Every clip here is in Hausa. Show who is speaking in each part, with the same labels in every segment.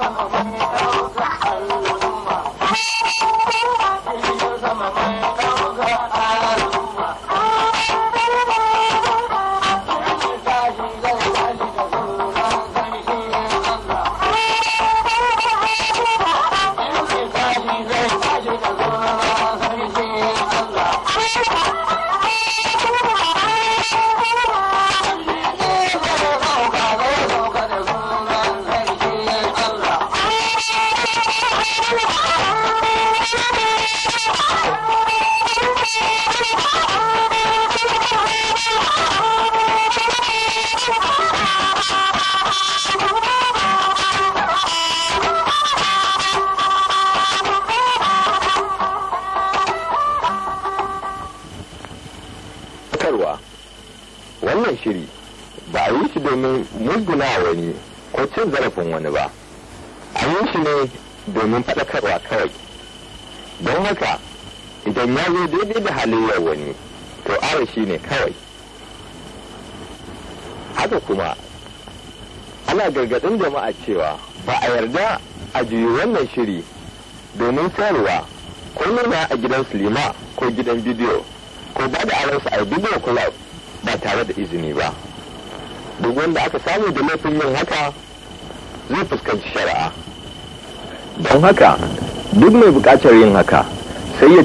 Speaker 1: ของเราเนี่ย
Speaker 2: halayyar wani to arashi ne kawai haka kuma ana gargadin jama'a cewa ba a yarda a juyi wannan shiri domin sayarwa ko nuna a gidan silima ko gidan bidiyo ko ba da aransu a bidiyo club ba tare da izini ba duk wanda aka samu da laifin yin haka zai fuskanci shari'a don haka duk mai
Speaker 3: bukatar yin haka sai ya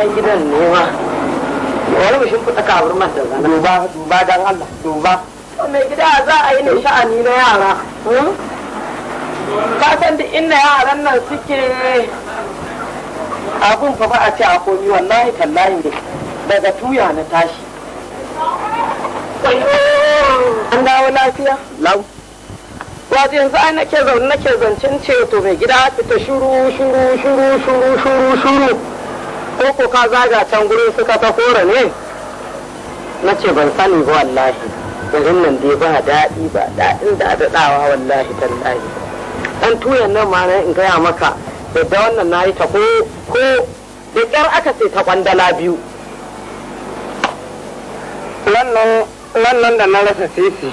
Speaker 3: ai gidan ne ma wani mu shimfiɗa kawar masa zana duba duba dan Allah duba mai gida za a yi ne sha'ani na yara hmm? ka san duk inda yaran nan suke abun fa ba a ce a komi wallahi tallahi ne daga tuya na tashi an dawo lafiya lau wato yanzu ai nake zaune nake zancen ce to mai gida fita shuru shuru shuru shuru shuru shuru ko ko ka zaga can gurin suka ta kora ne na ce ban sani ba wallahi garin nan dai ba daɗi ba daɗin da adadawa wallahi tallahi ɗan tuyan nan ma in gaya maka yadda wannan na yi ta ko ko da ƙyar aka sai ta ƙwandala biyu wannan da na rasa sisi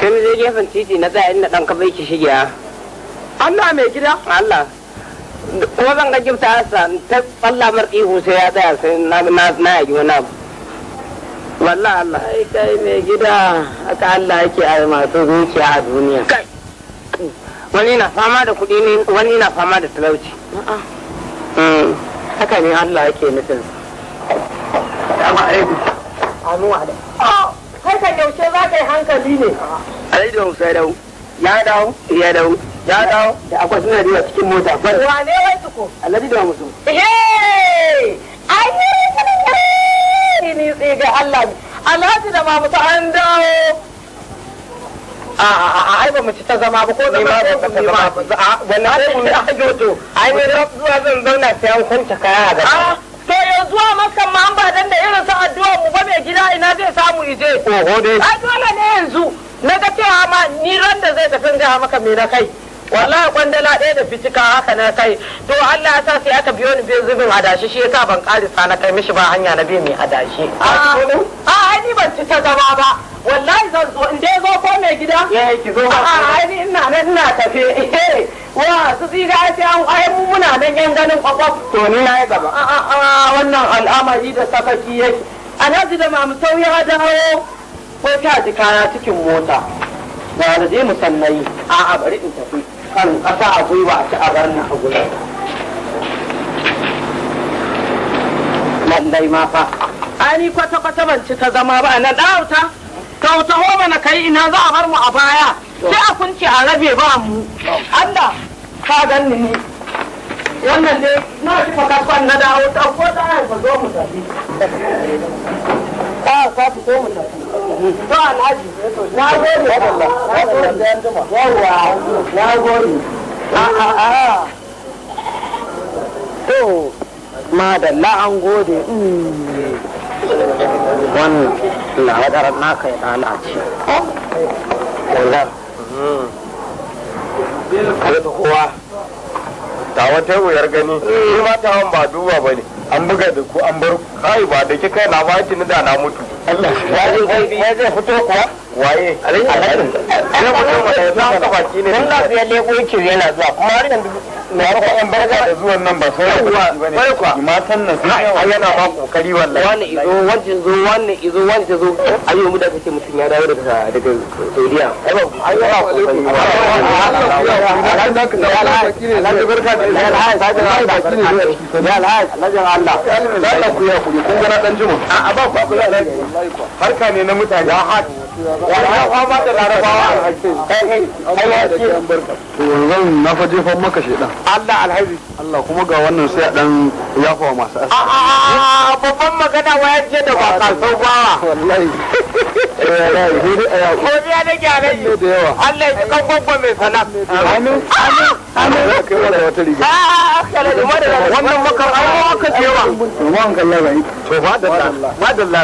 Speaker 3: sai na je gefen titi na tsaye inda ɗan kabai ki shigiya Allah mai gida Allah kuma ban ga jibta hasa ta tsalla mar ihu sai ya tsaya sai na na na yi wani abu wallahi Allah ai kai mai gida aka Allah yake a masu zuciya a duniya wani na fama da kuɗi ne wani na fama da talauci haka ne Allah yake nufin Assalamu alaikum Anu wa da Kai ka yaushe za ka yi hankali ne Alaikum sai dawo ya dawo ya dawo ya dawo da akwai suna da cikin mota gwal wane wai tuko alhaji da mutum eh ayi ni ni tsiga Allah alhaji da ma mutum an dawo a a a ba mu ci ta zama ba ko da ma ba ta zama ba wannan sai mun ajo to ai ne zuwa zan zauna sai an kwanta kaya ga to yanzu a makan ma an ba dan da irin sa addu'a mu ba mai gida ina zai samu ije oho dai ai dole ne yanzu na ga cewa ma ni ran da zai tafi ga maka me na kai wala kwandala ɗaya da fitika haka na kai to Allah ya sa sai aka biyo ni biyo zubin adashi shi yasa ban karisa na kai mishi ba hanya na biyu mai adashi a a ah, ah, ni ban ci ta gaba ba wallahi zan zo in dai zo ko mai gida eh ki zo a a ah, ni ina nan ina tafe eh, wa su tsira sai an ai mu muna nan yan ganin kwakwaf to ni na gaba a a wannan al'amari da sakaki yake alhaji da mamu sauya ya dawo ko ta ji kaya cikin mota da je mu a a'a bari in tafi kan kasa a gwiwa ta a barna a gurin lallai ma fa ani kwata-kwata ban ci ta zama ba na ɗauta ta wuta hoba na kai ina za a bar mu a baya sai a kunci a rabe ba mu Allah ka ganni ni, wannan dai na ci fakakon na dawo ko ta haifa zo mu tafi a fito mu alhaji na gode na gode da yanzu yawa na gode a a a to an gode wannan kowa ta wata wuyar gani shi ma tawon ba duba ba ne an buga da ku an bar kai ba da kika na ba da na mutu ya zai fito kuwa waye alayi da ne yana a kuma har yanzu da zuwan nan ba sai kuwa sannan wani izo zo wani izo zo da ya dawo daga daga Saudiya ai yana kokari Allah da da ku ya ku kun ga dan jima a ba ku abula alhaji harka ne na mutane ya haɗu ya fama da larabawa alhaji yanzu
Speaker 2: na fa jefan maka shedan Allah alhaji Allah kuma ga wannan sai a dan yafa masu asiri
Speaker 3: a babban magana wayar je da ba kasau ba wallahi godiya na gyara yi Allah ya kan gwagwa mai salam amin amin amin kai wala wata riga ah, a kala da madalla wannan makar an yi aka cewa wan kallah bai to madalla madalla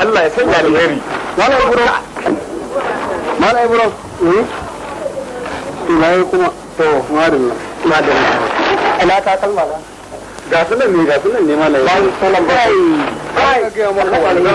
Speaker 3: Allah ya sanya alheri mala ibro mala ibro eh ina yi kuma to madalla madalla ina ta kalma ga sunan ne ga sunan ne mala ibro bai salam bai bai ga mu kalma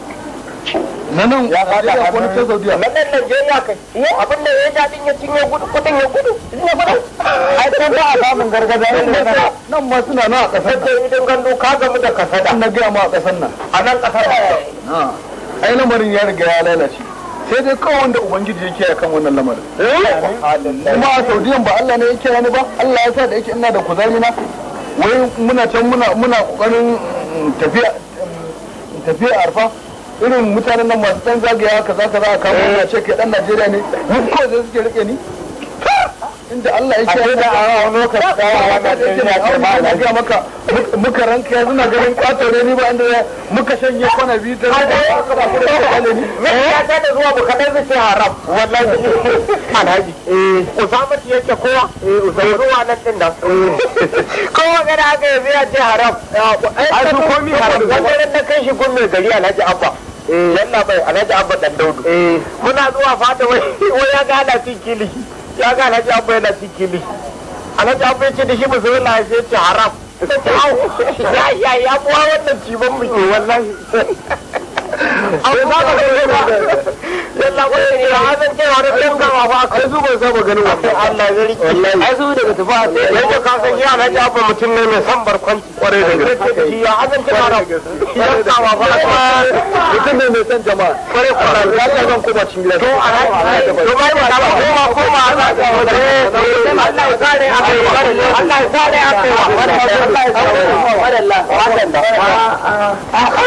Speaker 3: na nan ya fada ya wani ta saudiya na nan najeriya kai yo abin da ya ja din ya cinye gudu kudin ya gudu ne fara ai ko ba a samun gargaza ne nan ma suna nan a kasar da idan gando ka gamu da kasada na ga ma a kasar nan a nan kasar da eh. ai lamarin ya riga ya lalace sai dai kawai wanda ubangiji yake a kan wannan lamarin eh. kuma a saudiyan ba Allah ne ya kira ni ba Allah ya sa da yake ina da kuzari na wai muna can muna muna kokarin mm, tafiya mm, tafiya arfa irin mutanen nan masu dan zagaya kaza kaza a kawo na ce kai dan Najeriya ne ko zai suke rike ni inda Allah ya ce da a wani lokaci da a wani lokaci da a wani lokaci maka muka ranka yanzu na ganin katore ni ba inda muka shanye kwana biyu da zai ka ba kuma ta ne ni ya ta da zuwa ba kadai zai ce haram wallahi eh. alhaji eh usama yake kowa eh usama ruwa nan din da? Eh. kowa ga da aka yi zai ce haram A su komi haram zan da kai shi kun mai gari alhaji abba yalla bai alhaji abba dan daudu muna zuwa fata wai wai ya ga ana ya ga alhaji abba yana alhaji abba ya ce da shi ba zai na ce haram ya ya ya buwa wannan cibin mu wallahi Allah ko da kan kai su ban saba ganin wannan a sai yadda ka san na jafa mutum ne da gaske ya hazan cewa da kan gawa fa ka ba a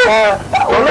Speaker 3: kai Allah ya sare a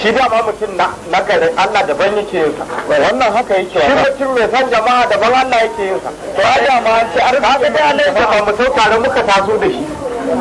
Speaker 3: shi dama mutum na gari Allah daban yake yin sa wannan haka yake shi mutum mai san jama'a daban Allah yake yin sa to ai dama an ce ka ga Allah da ba mu sau tare muka taso da shi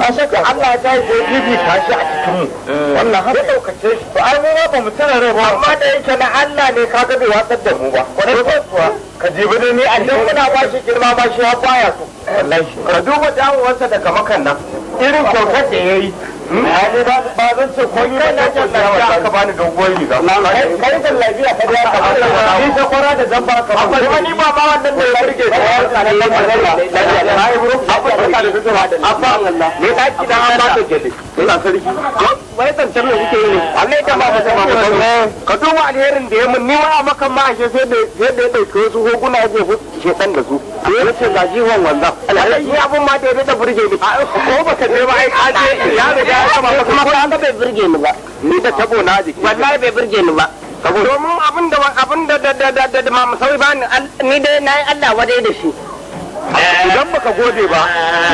Speaker 3: a shakka Allah ya tayi ko bibi ta shi a cikin mu eh. wannan haka ya daukace shi to ai mu ba mu tsara rai ba amma da yake na Allah ne ka ga bai watsar da mu ba kwarai ko kuwa ka jibi da ni a duk muna ba shi girma ba shi ya baya so wallahi ka duba damuwarsa daga makan nan irin kyautar da yayi Hmm? ne ba ba zan ce ko ni ba ko ya wata ka bani dogon riga kai da lafiya ka da ka bani ni ta kwara da zan ba ka ba ni ba ba wannan da ya rike da ya tsare lafiya lafiya ai buru abba ta da fitowa da abba Allah me ka ki dan an ba ta gele Allah sarki wai zancen da kuke yi Allah ya kama masa ba mutum ka duba alherin da ya mun ni ma makan ma ashe sai da sai da ya ko wasu hoguna ya jefu san da su ya ce ga jihon wanda Allah abun ma da ya da burge ni ko ka je ba ai ka je ya riga ya kama maka kuma an bai burge ni ba ni da tabo na jiki wallahi bai burge ni ba domin abin da abin da da da da da ma musawai ba ni dai nayi Allah wadai da shi idan baka gode ba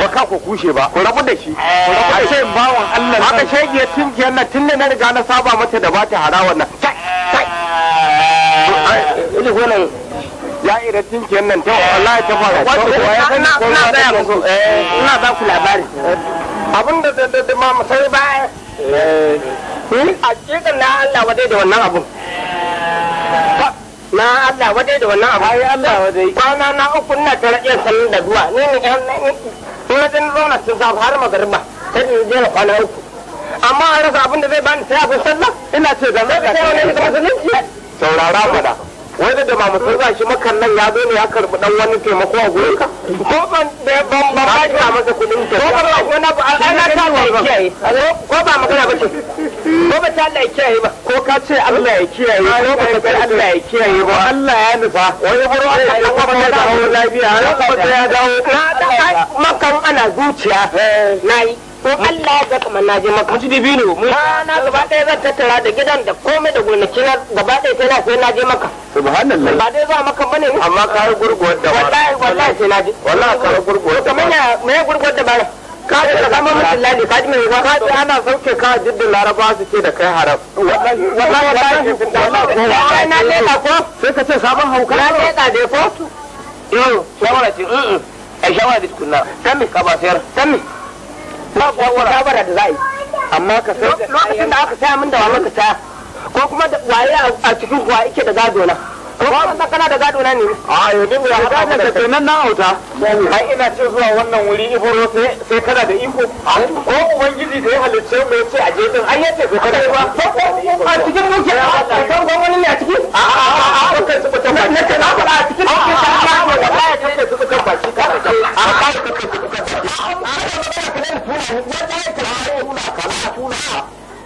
Speaker 3: baka ku kushe ba ku rabu da shi ku rabu da shi Allah haka shege tinki tunne na riga na saba mata da bata harawan nan kai kai ina wannan ya ya eh, Ina da ya ku ina da da ma sai ba eh hmm? a cikin na Allah wadai da wannan abun na Allah wadai da wannan abu ai Allah wadai kwana na uku ina ta rage sanin da zuwa ni ne na zo zauna tun sa har magarba sai ni je na kwana uku amma an rasa abin da zai bani sai abin sallah ina ce da zai ka ne wani musulunci saurara fada wanda da mamu sun zashi makan nan ya zo ne ya karbi dan wani taimako a gurin ka ko ban ban ban ba ka masa kudin ta ko ba wani ba ana ta Allah kiyaye ko ba magana ba ce ko ba ta Allah kiyaye ba ko ka ce Allah ya kiyaye ko ba ka ce Allah ya kiyaye ba Allah ya nufa wani har Allah ya kuma ya dawo lafiya har kuma ya dawo na makan ana zuciya na yi ko Allah ya saka maka mutu dibino mu na gaba ɗaya zan tattara da gidan da komai da gonaki na gaba ɗaya sai na sai naje maka subhanallah ba dai zuwa maka bane amma ka yi gurguwar da wallahi wallahi sai naje wallahi ka yi gurguwar da kamar ya gurguwar da bara ka ta ka ji mai ka ana sauke ka jiddin laraba su ce da kai haram wallahi wallahi wallahi na ko sai ka ce sabon hauka na leka dai ko shawara ce a shawara da kunna. tammi ka ba sayar tammi ba shawara da za a yi amma ka sai lokacin da aka sa min da wa ka ta ko kuma da waye a cikin kuwa ike da gado na ko kuma kana da gado na ne a yau ya hada da kai nan na auta ai ina ce zuwa wannan wuri ibro sai sai kana da iko ko ubangiji da ya halicce mu yace a je din ai yace ko kada ba a cikin muke a kan gwamnati ne a ciki a a a a kan su fita ba ne fara a cikin muke ta ba wallahi su fita ba shi ka a ka ka ka ka
Speaker 1: ka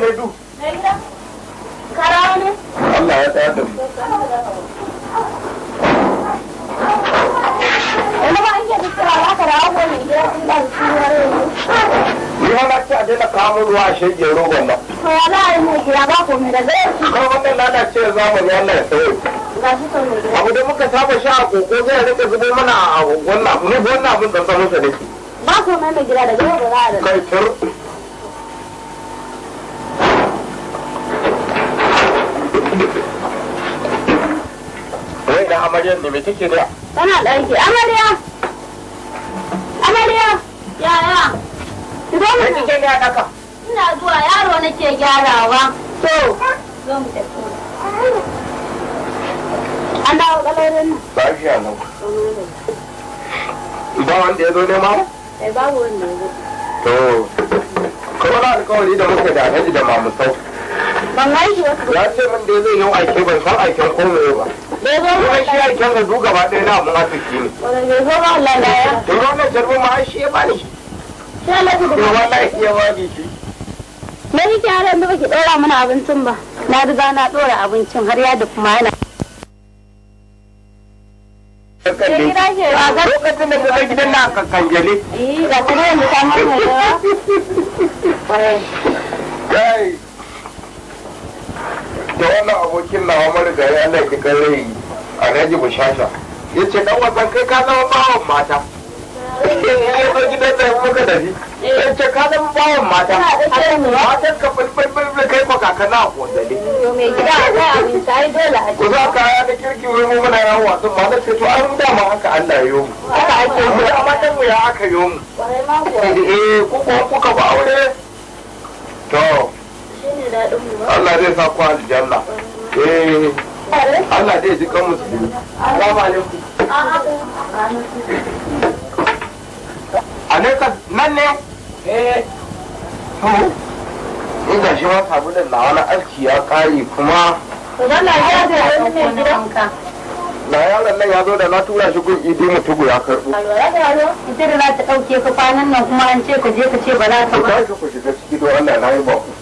Speaker 3: mai Allah ya tsaya da mu Ni hana ce a daina kawo ruwa a shege rogon nan. To wala yi mu gida ba ko da zai ci. Kar wannan lalace ya zama ya sauye. Abu da muka saba sha a koko zai rika zubo mana a wannan abin da samun sa da Ba ko mai gida da zai ba za a da. Kai tur. amaryar ne mai take da tana ɗanki amarya amarya yaya ki zo mu kike ya daka ina zuwa yaro nake gyarawa to zo mu tafi an dawo kalorin nan ba shi a nan ba wanda ya zo ne ma eh babu wanda ya zo to kuma na alkawari da muke da alhaji da mamusau ban gaishe wasu ya ce min dai zai yi aiki ban san aikin komai ba Kuma shi ya kyan gandu gaba na munafiki ne. Turo na jarbo ma shi ya bani shi. Ya wallahi ya bani shi. Me kike har yanzu baki ɗora mana abincin ba? Na riga na ɗora abincin har ya da kuma yana. Lokacin da ta zai gidan na kankanjale. Ga kuma yanzu ta mamaye. da wannan abokin na nawa da ya laifi kare a raji bushasha ya ce dan wasan kai ka zama bawan mata ya yi ɗauki da tsaye muka tafi ya ce ka zama bawan mata matan ka fulfulful kai kwa kakana a kai dole a ku za ka ya kirki wuri mu muna yawan wasan ma zai to an dama haka Allah ya yi mu
Speaker 1: haka ake mu
Speaker 3: da amatan mu ya aka yi mu eh
Speaker 2: kuka kuka ba aure to
Speaker 3: Allah
Speaker 2: zai sa ku aljanna eh Allah zai ji kan musulmi assalamu alaikum alaika nan ne
Speaker 3: eh to in ga shi ma sabulin na wani aski ya kare kuma idan na ya da ne gidanka na yaron nan ya zo da na
Speaker 2: tura shi gun idi tugu ya karbo
Speaker 3: alwala da yaro ita da na ta ɗauke ka kwanan nan kuma an ce ka je ka ce ba za ka ba
Speaker 2: ku shiga ciki don Allah na yi ba ku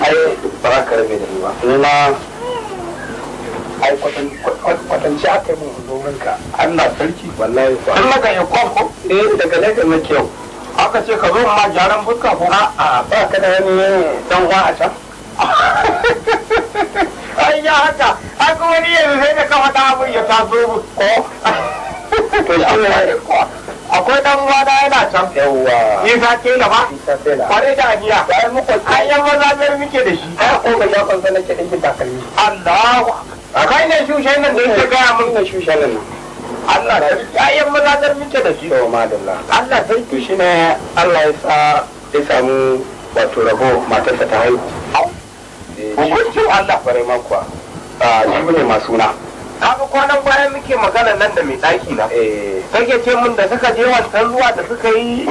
Speaker 3: ai ba za ka rabe da ba ni ai kwatanci aka yi mun domin ka Allah sarki wallahi ba an maka ya kwanko eh daga lagos na kyau aka ce ka zo ma gyaran fuska ko a'a ba ka da wani dan uwa a can ai ya haka ai kuma yanzu sai da ka faɗa abin ya taso ko akwai dan wada yana can yawwa isa tela ba kware da ajiya ai muku ai yan maza biyar muke da shi ai ko ga yakon sana ke da takalmi Allahu akai ne shushen nan da yake ga mun ne shushen nan Allah sarki ai yan maza biyar muke da shi to madalla Allah sarki shi ne Allah ya sa ya samu wato rabo matarsa ta haihu eh, hukuncin Allah bare makwa ah, shi ne masuna kaga kwanan bayan muke magana nan da mai
Speaker 2: ɗaki na ke eh.
Speaker 3: ce mun da suka je wancan zuwa da suka yi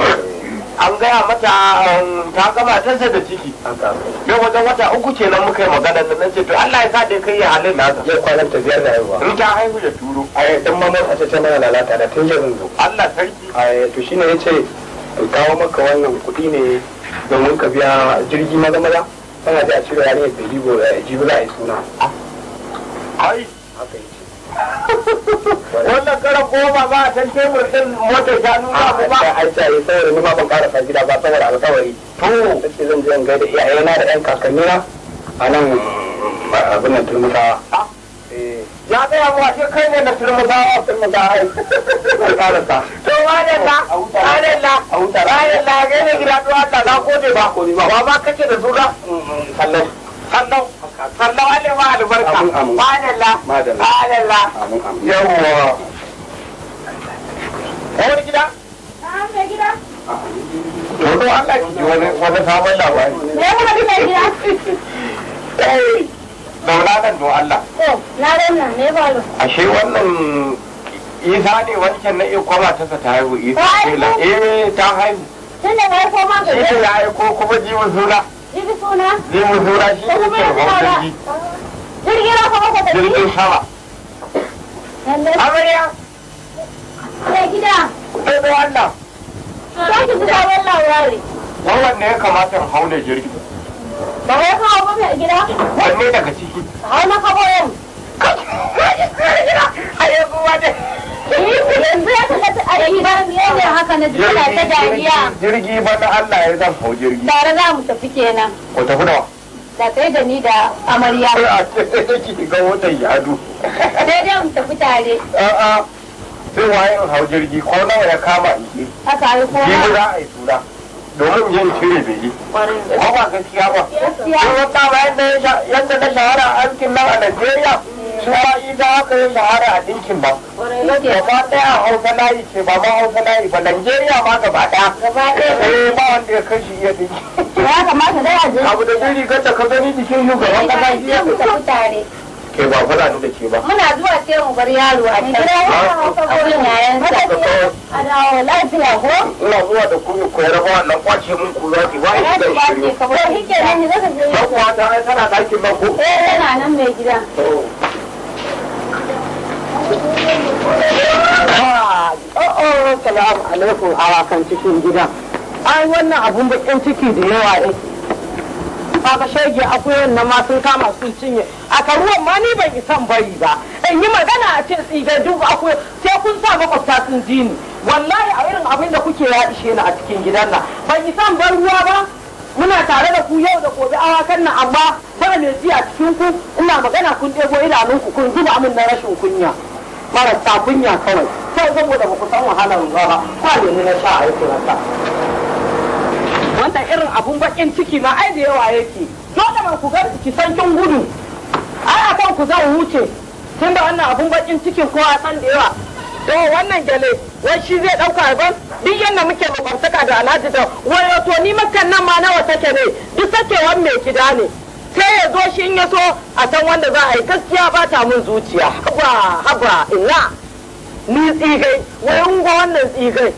Speaker 3: an gaya mata um, ta gama tasa da ciki yau wajen wata uku ce nan muka yi magana da nan ce to Allah ya sa dai kai ya halin na ya kwanan ta biyar da haihuwa in ta haihu da turo ai ɗan mamar a ta mana lalata da tun yanzu Allah sarki ai to shi ne ce in kawo maka wannan kuɗi ne domin ka biya jirgi maza maza sana da a cire yarinyar da jibo da ya ji a yi suna ai wannan karan goma ba a san tebur din motar shanu ba ku ba a sa yi saboda ni ba ban karasa gida ba saboda alƙawari to sai zan je in gaida iyayena da ɗan kakannina a nan abin nan turmusawa ah, eh, ya tsaya mu ashe kai ne na turmusawa turmusawa an karasa to ba da la ba da la ba da la gane gida to Allah na gode ba ba ba kace da su da sallan sannan Allah ma albarka madalla madalla yawwa kawar gida kawar gida Toto Allah ki wani wani sabon labari. Me ya kuma duka gida? Eh, zauna nan do Allah. To, na rauna me ya faru? Ashe wannan Isa ne wancan na iya kwama ta ta haihu Isa. Eh, ta haihu. Tun da ya aiko ma ga. Ita ya aiko kuma jiwon suna. Jibi suna? Jibi suna shi ne ke ko ji. Jirgin rafa ko tafi? Jirgin sama. Amarya. Ya gida. Sai bai Allah. ko ki fita wannan wurare. Wannan ne ya kamata in hau da jirgin. Ba wai kawo ba gida? Wanne daga ciki? Hau na yau. jirgi ba na Allah ya zan hau jirgi. Tare za mu tafi kenan. Ku tafi nawa? Da kai da ni da amarya. sai A ki ga watan yadu. Daidai mu tafi tare. A'a sai waye hau jirgi ko nawa ya kama ike. Aka yi kowa. Jibi za a yi tura. domin yin shiri bai yi ba ba gaskiya ba sun wata bayan yadda na shahara a aikin nan a najeriya su ma ida haka yi shahara a dinkin ba gaba daya hausa layi ce ba ma hausa layi ba najeriya ma gaba daya eh ba wanda ya kashi iya dinki ya kamata da yaje abu da zai rigar da ka gani jikin shugaban kasa shi ya fita mutane ke ba da ke ba muna zuwa sai mu bar yaro a can gurin yayan a lafiya ko ina zuwa da ku wannan kwace mun ku zaki ba da shi ko hike zaka je ta tana ko eh tana nan mai gida ah, oh, oh, salamu alaikum cikin gida. Ai wannan abun bakin ciki da yawa yake. kaga shege akwai na ma sun kama sun cinye a karuwan ma ni ban isan bari ba in yi magana a ce tsigar duk akwai sai kun sa makwabta sun ji ni wallahi a irin abin da kuke ya ishe ni a cikin gidan nan ban isan bar ruwa ba muna tare da ku yau da gobe awakan nan amma ba mai ji a cikin ku ina magana kun ɗebo ku kun zuba min na rashin kunya marasa kunya kawai sai saboda ba ku san wahalar ruwa ba kwa ne na sha a yi wannan irin abun bakin ciki ma ai da yawa yake dole ma ku gar ki san kin gudu ai akan ku zan wuce da wannan abun bakin cikin kowa san da yawa to wannan gele wai shi zai dauka ba duk yanda muke makwabtaka da Alhaji da wai to ni makan nan ma nawa take ne duk sakewan mai gida ne sai ya zo shi in ya so a san wanda za a yi gaskiya ba ta mun zuciya haba haba ina ni tsigai wai ungo wannan tsigai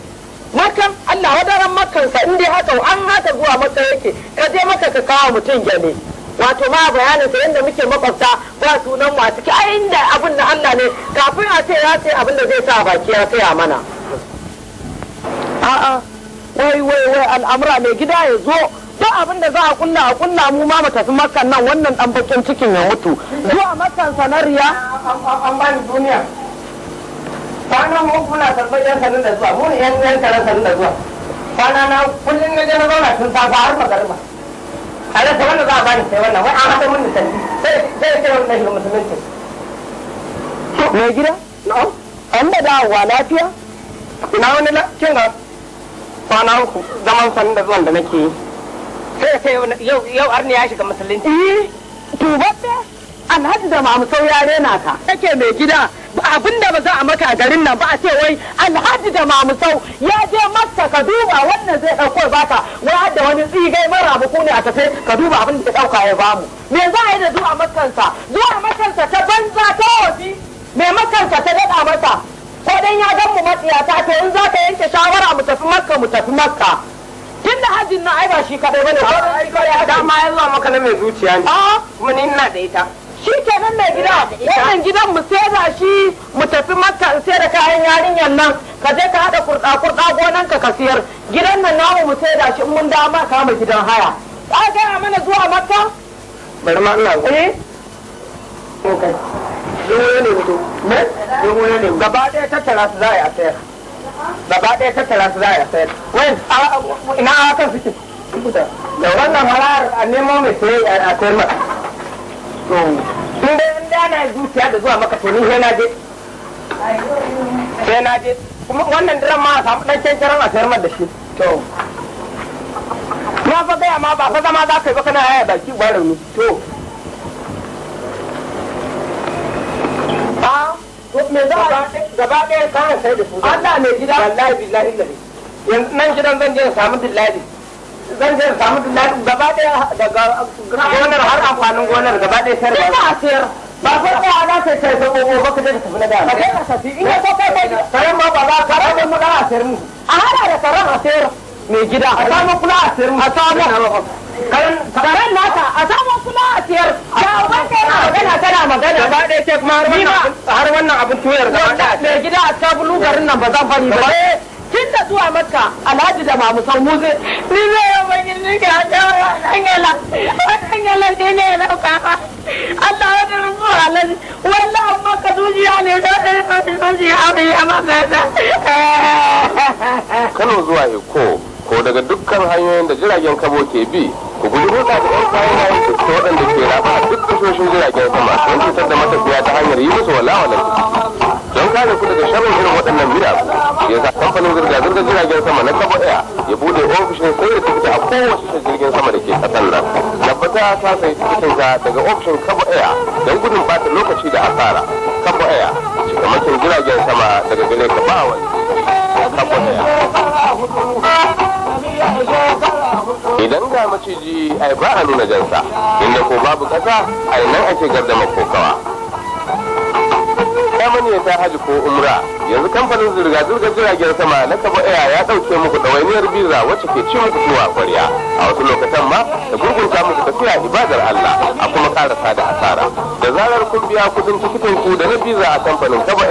Speaker 3: makan Allah wadaran makansa in dai haka an haka zuwa maka yake ka je maka ka kawo mutum gyale wato ma bayanin sa yanda muke makwabta ba sunan a ciki ai inda abin da Allah ne kafin a ce ya ce abin da zai sa baki ya saya mana a'a wai wai wai al'amura mai gida ya zo duk abin da za a kulla a kulla mu ma tafi makan nan wannan dan bakin cikin ya mutu zuwa makan sanariya an bani duniya kwanan mu muna karɓar yan sanin da zuwa mu yan yan karan sanin da zuwa kwana na kullum na je na zauna tun safa har magarba a rasa wanda za a bani sai wannan wai an haɗa mun da tanti sai sai kira mun shiga musulunci mai gida na'am an da dawowa lafiya ina wani la kin ga kwana uku zaman sanin da zuwan da nake yi sai sai yau yau arni ya shiga musulunci eh to ba alhaji da mamsau ya rena ka kake mai gida abin da ba za a maka garin nan ba a ce wai alhaji da mamsau ya je masa ka duba wannan zai ɗauko baka wai hadda wani tsigai mara buku ne a tafe ka duba abin da ɗauka ya bamu me za a yi da zuwa makansa zuwa makansa ta banza ta wafi me makansa ta daɗa masa ko dan ya gan mu matsiyata to in za ka yanke shawara mu tafi makka mu tafi makka tun da hajjin na ai ba shi kaɗai bane ko ma ya zuwa maka na mai zuciya ne ah! kuma ni ina da ita shi kenan mai gida wannan gidan mu saida shi mu tafi makka in saida kayan yarinyar nan ka je ka haɗa kurɗa kurɗa gonan ka siyar gidan nan namu mu saida shi mun da kama gidan haya ka gaya mana zuwa makka bari ma ina eh okay zuwa ne mutum ne zuwa ne gaba ɗaya tattara su za a sayar gaba ɗaya tattara su za a sayar wai ina awakan suke da wannan halar a nemo mai sayar a sayar masa to in da yan dana zuciya da zuwa maka to ni sai na je sai na je kuma wannan diran ma a samu dan cancaran a sayar da shi to na fa gaya ma ba fa zama za ka yi ba kana yaya baki ba rauni to ah, me za a gaba ɗaya kayan sai da su Allah mai gida wallahi billahi nan gidan zan je samu dillali zan je samu gaba daya daga gonar har amfanin gonar gaba daya sayar ba. Ina sayar. Ba sai ko ana sai sai ko gogo ba ka da tafi na da. Ka je ka tafi in ka kai kai. Karam ba ba za ka rabu mu a sayar mu. A hada da karam a sayar. Mai gida. A samu kula a sayar mu. A samu. Karan naka a samu kula a sayar. Ya uban kai na magana kana magana. Gaba daya sai kuma har wannan abin tuyar gaba daya. Mai gida a tabulu garin nan ba zan bari ba. tun da zuwa maka alhaji da mamu musan musu ni ne bani ni nike a tsawon dangala a yala ne ne na kafa Allah wani rufu halin wanda an maka zuciya ne da ɗaya ɗaya ya abu ya maka ta
Speaker 2: kano zuwa eko ko daga dukkan hanyoyin da jiragen kabo ke bi ku guji hulɗa da ɗan kayan yayin cikin waɗanda ke rafa a duk tashoshin jiragen sama don cutar da matafiya ta hanyar yi musu walawalar don kare ku daga sharrin irin waɗannan biya ya sa kamfanin zirga-zirga jiragen sama na kafa ɗaya ya bude ofishin sai da tikiti a kowace jirgin sama da ke kasan nan tabbata ta sayi tikitinka daga ofishin kafa ɗaya don gudun bata lokaci da asara kaba ɗaya cikamakin jiragen sama daga gare ka ba wa kafa ɗaya idan ga maciji ai ba a nuna jansa inda ko babu kasa ai nan ake gardama kokawa ne ta haji ko umra yanzu kamfanin zirga-zirgar jiragen sama na kaba ya ɗauke muku ɗawainiyar biza wacce ke ci muku tuwa kwarya a wasu lokutan ma da gurgunta muku tafiya ibadar Allah a kuma karasa da asara da zarar kun biya kudin tikitin ku da na biza a kamfanin kaba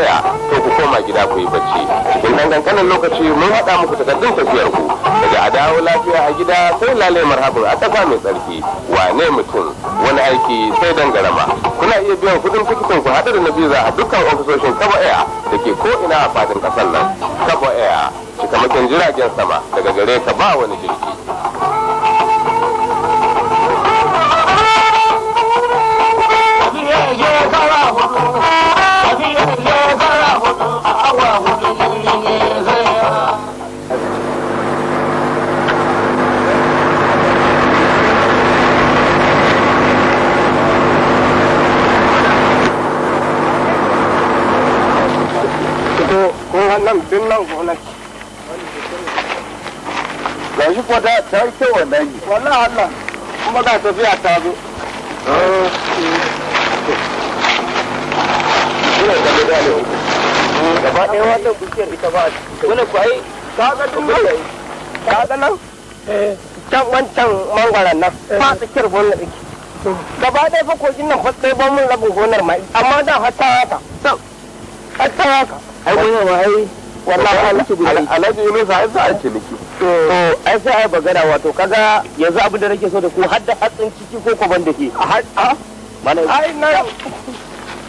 Speaker 2: to ku koma gida ku yi bacci cikin nan kankanin lokaci mun haɗa muku takardun tafiyar ku daga a dawo lafiya a gida sai lale marhabin a ƙasa mai tsarki wane mutum wani aiki sai dan garama kuna iya biyan kudin tikitin ku hada na visa a dukkan ofisoshin kaba air da ke ko'ina a fadin kasar nan kaba air cikamakin jiragen sama daga gare ka ba wani jirgi
Speaker 3: duk nan gonan ga shi kuwa ta yi kyau wannan yi wallahi Allah kuma ga tafiya ta zo gaba ɗaya wannan bukiyar ita ba a ciki wani ku ai ka ga duk wani ka ga nan can wancan mangwaran nan ba tsakiyar gonar ɗiki gaba ɗaya fa kogin nan fasai ban mun rabin gonar ma amma da hatta haka hatta haka ai gonar ma ai wallahi alhaji yunus ai za a ciniki to ai sai ai bagara wato kaga yanzu abin da nake so da ku har da hatsin ciki ko kwaban da ke a malai ai na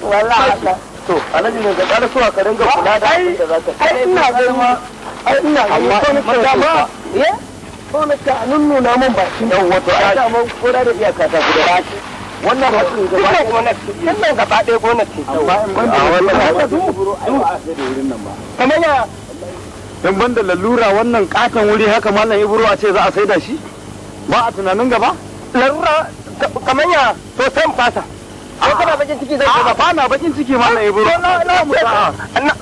Speaker 3: wallahi to alhaji ne ga ƙara suwa ka ringa kula da abin da za ai ina ganin ai ina zama ko nake ba ye ko nake a nunnuna min bakin yawwa to ai da mun kula da iyaka ta guda wannan hatsin gaba ɗaya da lalura wannan katon wuri haka mallam ibro a ce za a saida shi ba a tunanin gaba lalura kamar ya to san fasa ko kana bakin ciki zai ba ba na bakin ciki ma na buru.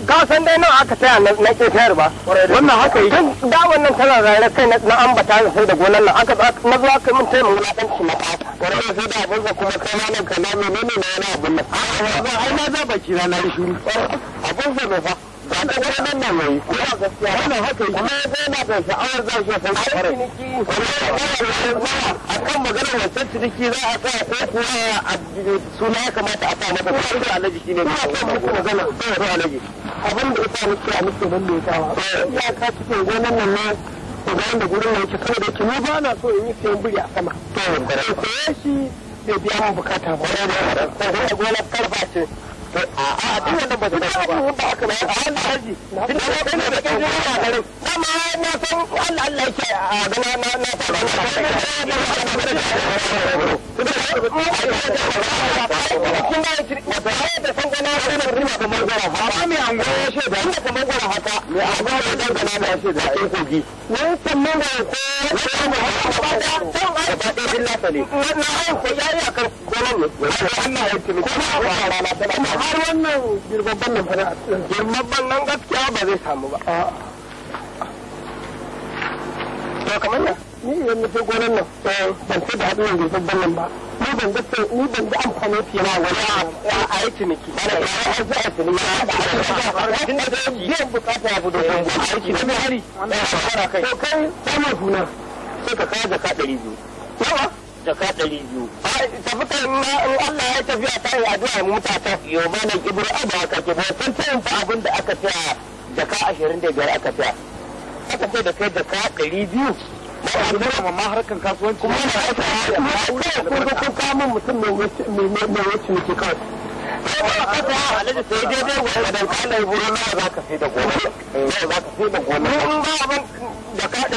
Speaker 3: ka san dai nan aka taya na ke sayar ba wannan haka yi da wannan tana rayar kai na ambata da sai da gonan nan aka na zuwa kai mun taya mun dan ci mata wannan sai da abin kuma kai ma nan kalami ne ne na yana abin nan ai ma za baki na na shuru abin sa ba fa wanda gwamnan nan yayi wannan haka a yana da sha'awar za shi kai kare a kan maganar wancan ciniki za a tsaya ko kuwa a suna ya kamata a sa mata ko da alaji shi ne ko muku magana ko da alaji abin da yasa a muke ban da yasa ya ka cikin gwamnan nan ne ko ga wanda gurin yake saboda ki ni ba na so in yi sayan buri a sama to ko shi bai biya mun bukata ba ko gona karba ce a a duk wannan ba su da ba ba aka ba a wannan haji din da kai ne da kai ne da kai na ma na san Allah Allah yake a gaba na na a ba na ta ba Wani angon ya shaida, wanda kamar gwara haka, mai angon ya dangana na shaida a kogi. Wani sannan ga ko ya kama haka ba da, don a yi ba ɗaya bin nasa ne. Wani angon ya yi a kan ne ya ce ko kuma har wannan girbabban nan fara girbabban nan gaskiya ba zai samu ba to kamar nan ni idan na gonan nan ban ce da haɗin girbabban nan ba ni ban ga ni ban ga amfani fiye ma wani a yi ciniki ba da ya za a ciniki tun da zai bukata ya fito don a yi ciniki hari wannan shahara kai to kai samun huna sai ka kawo jaka ɗari biyu yawa jaka ɗari biyu. tafi kan in Allah ya tafiya ta yi addu'a mu ta ta yo ba na kibir abu aka fa abin da aka tsaya jaka ashirin da biyar aka tsaya. Aka ce da kai jaka ɗari biyu. Ma'aikata ma harkan kasuwanci. Kuma na aka yi ma'aikata kun ga kun kamun mutum mai wuce mutu kawai. Alhaji sai daidai wa da eh. ka da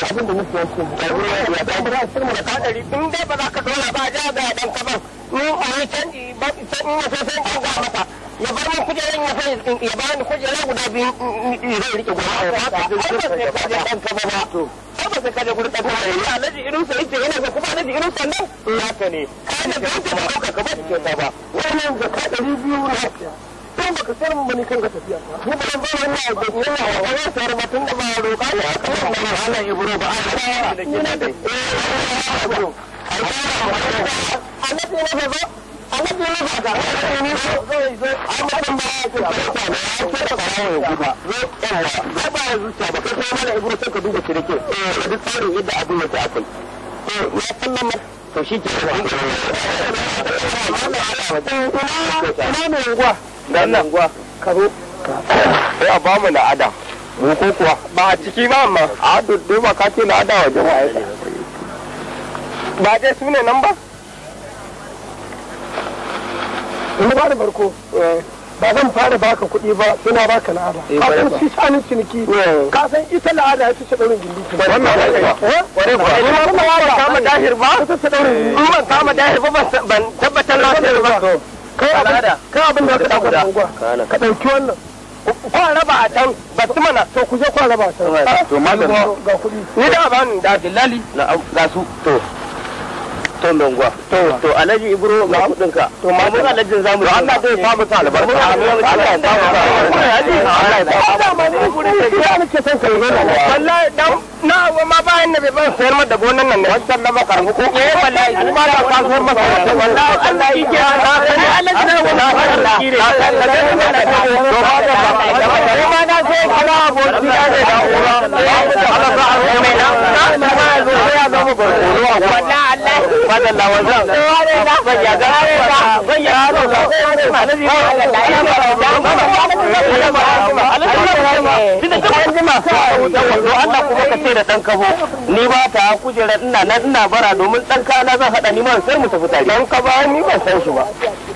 Speaker 3: abin da muke yanki ya ba ba su mu da kadari in dai ba za ka dole ba ja ga dan kaban ni a yi canji ba sai in wasu sai ga mata ya bar mu kujeran ya fa ya ba ni kujera guda biyu zai rike goma a wata ba sai ka je dan a ba to ba sai ka gurin dan ya alaji irin sa yake yana ga kuma a irin sa nan haka ne kai da ba ka ba ka ba wannan zakka 200 na tun baka san ba ne kan ka tafiya ni ba ba wannan ba ne na wa wani tsara tun da ba roƙa ne a kan ba hala ibro ba a da ke da dai annabi ne ba
Speaker 1: annabi ne ba ga annabi ne ba
Speaker 3: zai zai amma ban ba ya ce ba ya ce ba ya yi ba zai yawa ba ya zuciya ba kai mana ibro sai ka duba shi da ke da tsarin yadda to shi ke kuwa ga nan kuwa karo sai a mu na ada mu ko kuwa ba a ciki ba amma a duddu ba ka ce na ada wa jama'a ba dai su ne nan ba Ina ba da farko. Eh. ba zan fara baka kuɗi ba suna baka la'ada eh, eh. ka san shi shanin ciniki ka ita la'ada ita ce daurin gindi wannan ba eh? kama dahir ba kama dahir ba ban tabbatar ba kai abin da ka da ka wannan a can ba su mana to ku je raba
Speaker 2: a can
Speaker 3: to longwa to to alhaji ibro ga kudin ka to ma mun alhajin zamu Allah zai fa mu albarka Allah fa mu Allah fa mu albarka yi na ma nan ne wannan na baka ko eh wallahi ku ta Allah na na Allah kai kai na Allah a mai na na ma madalla wannan Allah kuma ka ce da dan kabo ni ba ta kujera ina nan ina bara domin dan kana zan hada ni ma sai mu tafi tare dan kaba ni ban san shi ba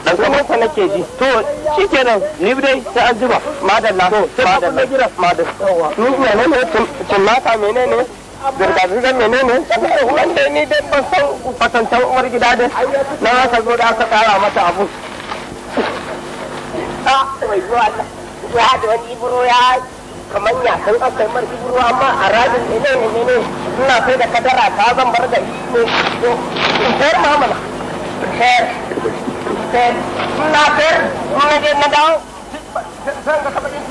Speaker 3: dan kaba ko nake ji to shikenan ni dai sai an jima madalla to sai madalla madalla ni ne ne cin mata menene gargajin zan menene wanda ni dai ban san fatantan umar gida dai na aka zo da aka kara mata abu a ah, mai zuwa ya da wani ya kamar ya kan yi amma a rajin ne ne ne ina sai da kadara ta zan bar da ne in ina ina na dawo zan ga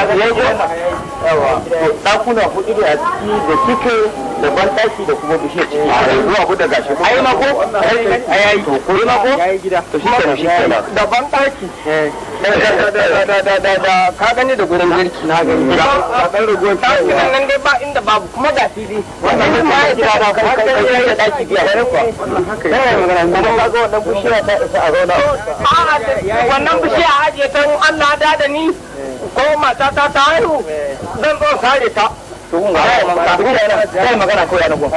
Speaker 3: yayi yawa dakuna hudu ne a ciki da kike da ban daki da kuma bishiyar ciki zuwa ku da gashi ko ai mako ai to ko mako to shi kenan shi kenan da ban daki ka gani da gurin girki na gani da dan rugon ta nan dai ba inda babu kuma ga fili wannan ma ya ta da kai kai da daki biya wannan haka ne magana kuma ka ga wannan bishiya ta isa a zauna a wannan bishiya a ajiye ta Allah da da ni ko mata ta ta haihu eh. zan zo sare ta to a ga ai magana duk da ko ko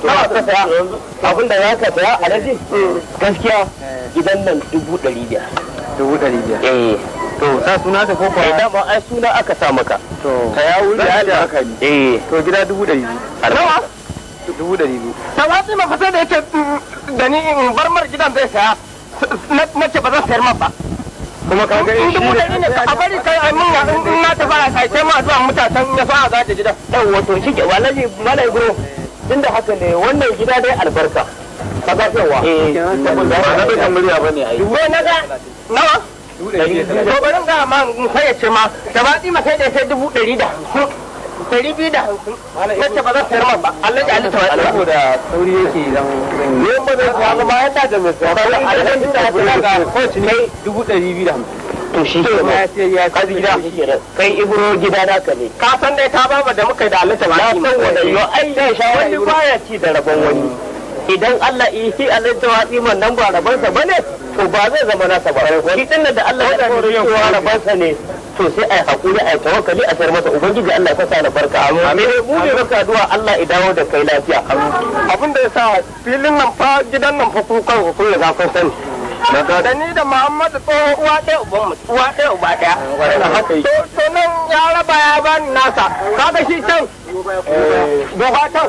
Speaker 3: ka saya abin da alaji eh. gaskiya eh. gidan nan dubu dari biyar dubu dari biyar eh to sa suna koko eh dama ai suna aka sa maka to ka ya wuri ya da haka ne eh to gida dubu dari biyu nawa dubu ɗari biyu tawatsi mafasa da yake mm, da ni in bar mar gidan zai saya na ce ba zan sayar ma ba kuma ka ga shi ne a bari kai a minna in na ta tafi a sake ma zuwa mutasan ya fa za ta gida dan wato shi ke wallahi malai gro tunda haka ne wannan gida dai albarka ka ga yawa eh ba na da murya bane ai ne na ga nawa to barin ga ma mu sai ce ma gaba ɗi ma sai da sai dubu ɗari da ɗari biyu da hamsin na ba zan sayar man ba Allah ya alita wani alaƙo da sauri yake idan ba zan sayar da mai sayar ba a da ta ga kowace ne dubu d'ari biyu da hamsin to shi ke kai ibro gida da ka ne ka san dai ta baba da muka da alita ba na san wanda yo ai da shawara wani baya ci da rabon wani idan Allah yi shi alaita watsi man nan ba rabansa ba ne to ba zai zama nasa ba shi din da Allah ya kore cewa rabansa ne to sai ai hakuri ai tawakkali a sayar masa ubangiji Allah ya sa na barka amin mu ne maka addu'a Allah ya dawo da kai lafiya abin da yasa filin nan fa gidan nan fa kuka ku kullu za ku sani da ni da Muhammadu tsohon uwa ɗaya uban mu uwa ɗaya uba ɗaya ah, to nan ya raba ya bani nasa kaga shi can doka eh. can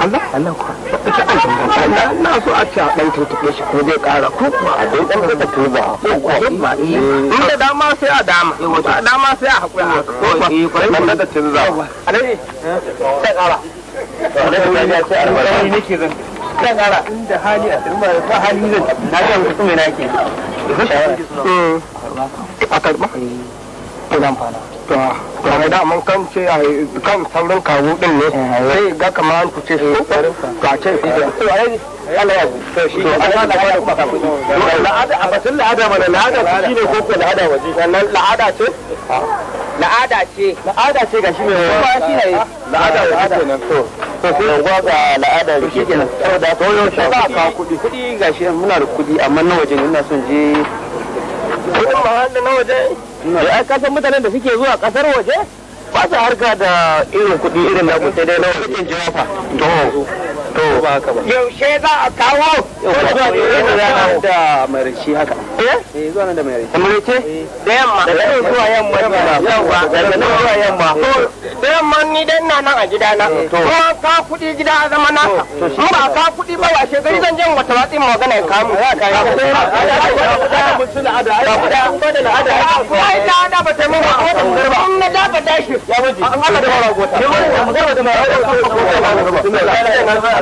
Speaker 3: Allah Allah kwa ita an Allah na so a ce a dan tuntuɓe shi ko zai ƙara ko kuma a dai dan da tuba ko ko ba eh. da dama sai a dama a dama sai a hakuri haka eh, ko ba eh, da a sai ƙara zan ƙara inda hali a ba hali zan na ga ko zan to a da mun kan ce a kan saurin kawo din ne eh, sai ga kamar an kuce su a ce shi da to ai Allah ya shi da la'ada a basin la'ada mana la'ada shi ne ko ko la'ada waje sannan la'ada ce la'ada ce la'ada ce ga shi shi ne la'ada waje to to sai la'ada shi to yau shi ba ka muna da amma na waje ne ina son je na waje da eh, ai kasan mutanen da suke zuwa kasar waje ba su harka da irin kuɗi irin na sai dai na wajen jawafa to ba haka ba yaushe za a kawo yau da mai rishi haka eh? eh zuwa nan da mai rishi mai rishi eh. da yamma da yamma zuwa yamma yawa da zuwa yamma eh. da yamma ni dan na nan a gida na kuma ka kudi gida a zama na mu ba ka kudi ba washe gari zan je wata watsi magana ya kamu ya kai ka kudi da mutum da ada ai da da ada ai da ada ba ta mun ba an na da ba dashi ya miji an Allah da mara gota ne mun da magana da mara gota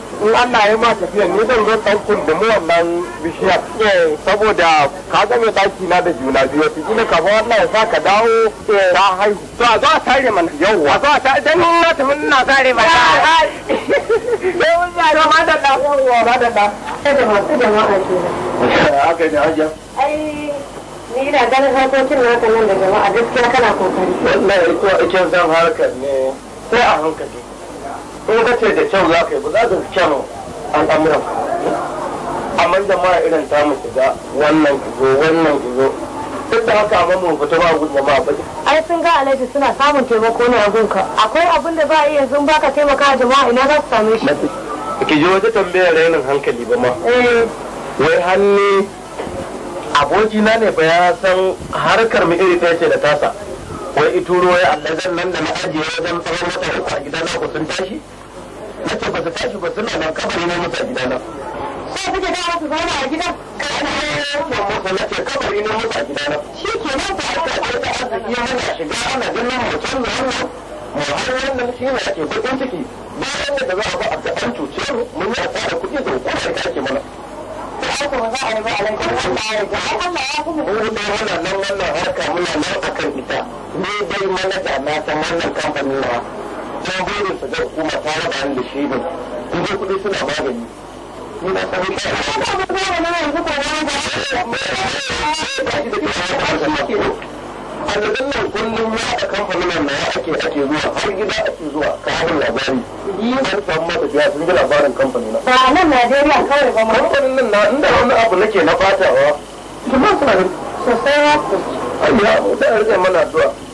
Speaker 3: in na ya ma tafiya ni zan zo ɗaukun da mu wannan bishiyar eh. saboda ka zame ɗaki na da juna biyu ta kila ka ba Allah ya sa ka dawo ta eh. haihu to a zo a tare mana yawwa a zo a tare dan na tafi ina tare mana to ma da da ma da da da ma da ma a ke da haka ai ni ina ganin harkokin na nan da jama'a gaskiya kana kokari wallahi ko ikin zan harkar ne sai a hankali in ka ce da kyau za ka yi ba za ka fi kyan al'amuran amma jama'a irin ta mu shiga wannan izo wannan izo duk da haka amma mun fita ba gudun jama'a ba ai sun ga alhaji suna samun taimako ne a gunka akwai abin da ba a yi yanzu ba ka taimaka jama'a ina za su same shi ki ji wata tambayar rainin hankali ba ma eh. wai hannu abokina ne ba ya san harkar mu iri ɗaya ce da tasa wai ituro ya allazan nan da na ajiye wajen tsawon wata a gidan na sun tashi na ce ba su tashi ba suna nan kabari ne musa gida na sai kuke da wasu zauna a gidan kai na yake musu na ce gida na shi ke nan ba ta ce ta arziki muna shiga ana ganin mu canza wannan mu har wannan shi ne ake bakin ciki bayan da za a ba a ga cuce mu mun yi asara kuɗi da hukumar da ake mana haka ba za a yi ba a lantar Allah ya kuma. Mun da wannan na harka muna nan akan ita. Ni dai manaja na ta wannan kamfanin nawa. jagorin sa ga hukuma ta raba ni da shi ne kuma kuɗi suna magani ni na san shi ba ba ba na yanzu ko wani ba ba da ke annabin nan kullum ya a kamfanin nan na ake ake zuwa har gida ake zuwa ka haɗin labari yi ban samu matafiya sun ji labarin kamfanin nan ba nan Najeriya kawai ba ma kamfanin nan na inda wani abu nake na fatawa kuma suna sosai ya kusa ayya ta yarda mana addu'a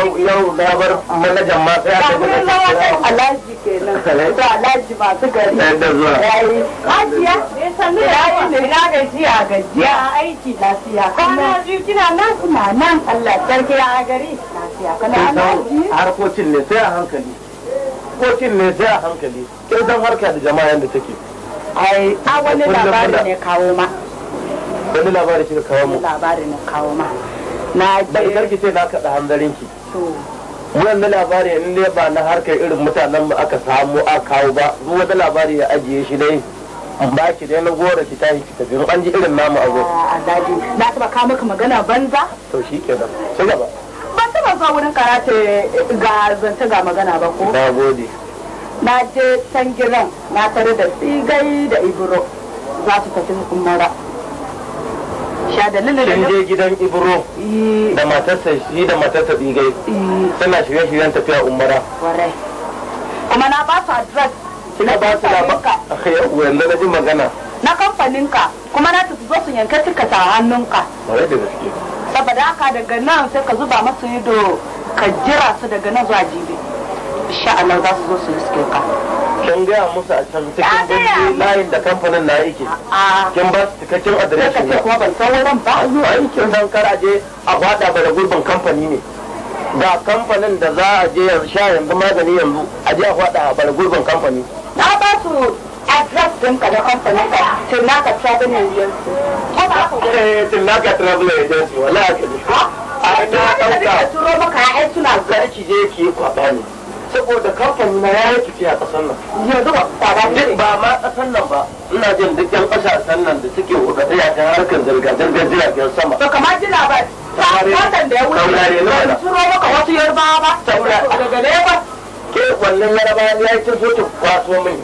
Speaker 3: yau yau na bar manajan ma sai aka gina ta kawo alhaji kenan da alhaji masu gari da zuwa yi hajiya ne sanu yayi ne na gajiya gajiya a aiki lafiya kana ji kina nan kuna nan Allah sarki a gari lafiya kana alhaji harkocin ne sai a hankali harkokin ne sai a hankali kin san harka da jama'a yanda take ai a wani labari ne kawo ma wani labari kika kawo mu labari ne kawo ma na je da idan ki ce na kaɗa hanzarin ki Wannan na labari in ne ba na harkar irin mutanen mu aka samu a kawo ba duk wanda labari ya ajiye shi dai ba ki dai na gora ki tashi ki tafi an ji irin namu a zo ah, a daji na taba ka maka magana banza to shi ke nan sai gaba ba taba zuwa wurin karate eh, ga zance ga magana ba ko na gode na je tangiran na tare da tsigai da ibro za su tafi umara sha da je gidan ibro eh. da matarsa shi da matarsa digai eh. suna shirye-shiryen tafiya umara kuma na ba su adres na ba su labar na ji magana na kamfaninka kuma na tafi zo su yanka tikata a hannunka saboda haka daga nan sai ka zuba masu ido ka jira su daga nan zuwa jibi insha Allah za su zo su riske ka kin gaya musu a can cikin birni layin da kamfanin na aiki kin ba su cikakken adireshin na kuma ban san wurin ba ayyo aikin dan kar a je a fada ba da gurbin kamfani ne ga kamfanin da za a je yanzu sha yanzu magani yanzu a je a fada ba da gurbin kamfani na ba su address ɗinka da kamfanin ka tilaka travel agency ko ba ku eh tilaka travel agency wallahi a ina ɗauka a turo maka ai suna zarki je ki kwaba ne saboda kamfani na ya yi kici a ƙasar nan yanzu ba ba ma ƙasar nan ba ina jin duk yan ƙasashen nan da suke wuka ta yakin harkar zirga-zirgar jiragen sama to kamar ji labari fatan da ya wuce ba su ro maka wasu yarbawa ba daga ba ke wannan yarbawa ya yi ta zo ta kwaso min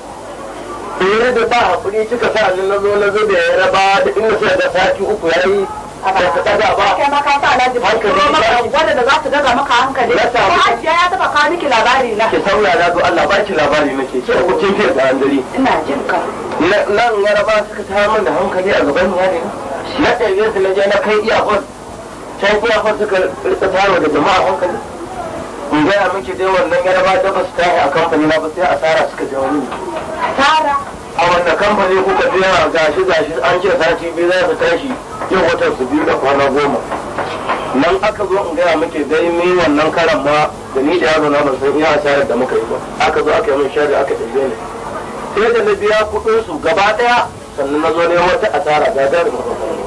Speaker 3: da da ba haƙuri cika sa ni na zo na zo da yarbawa da inda sai da sati uku ya yi ba su daga ba kai maka kuma za su daga maka hankali ko ya kawo miki na ki saurara do ki fiye nan yaraba suka tayar min da hankali a gaban yare na ɗaya su na je na kai iyakon can iyakon suka rika tayar da jama'a hankali in gaya miki dai wannan yaraba da ba su tashi a kamfani na ba sai asara suka jawo ni. asara a wanda kamfani kuka biya gashi gashi an ce sati biyu za su tashi yau watan su biyu da kwana goma nan aka zo in gaya muke dai ni wannan karan ma da ni da yaro na ban san iya shayar da muka yi ba aka zo aka yi min share aka tafiye ne sai da na biya kuɗin su gaba ɗaya sannan na zo ne wata asara ga gari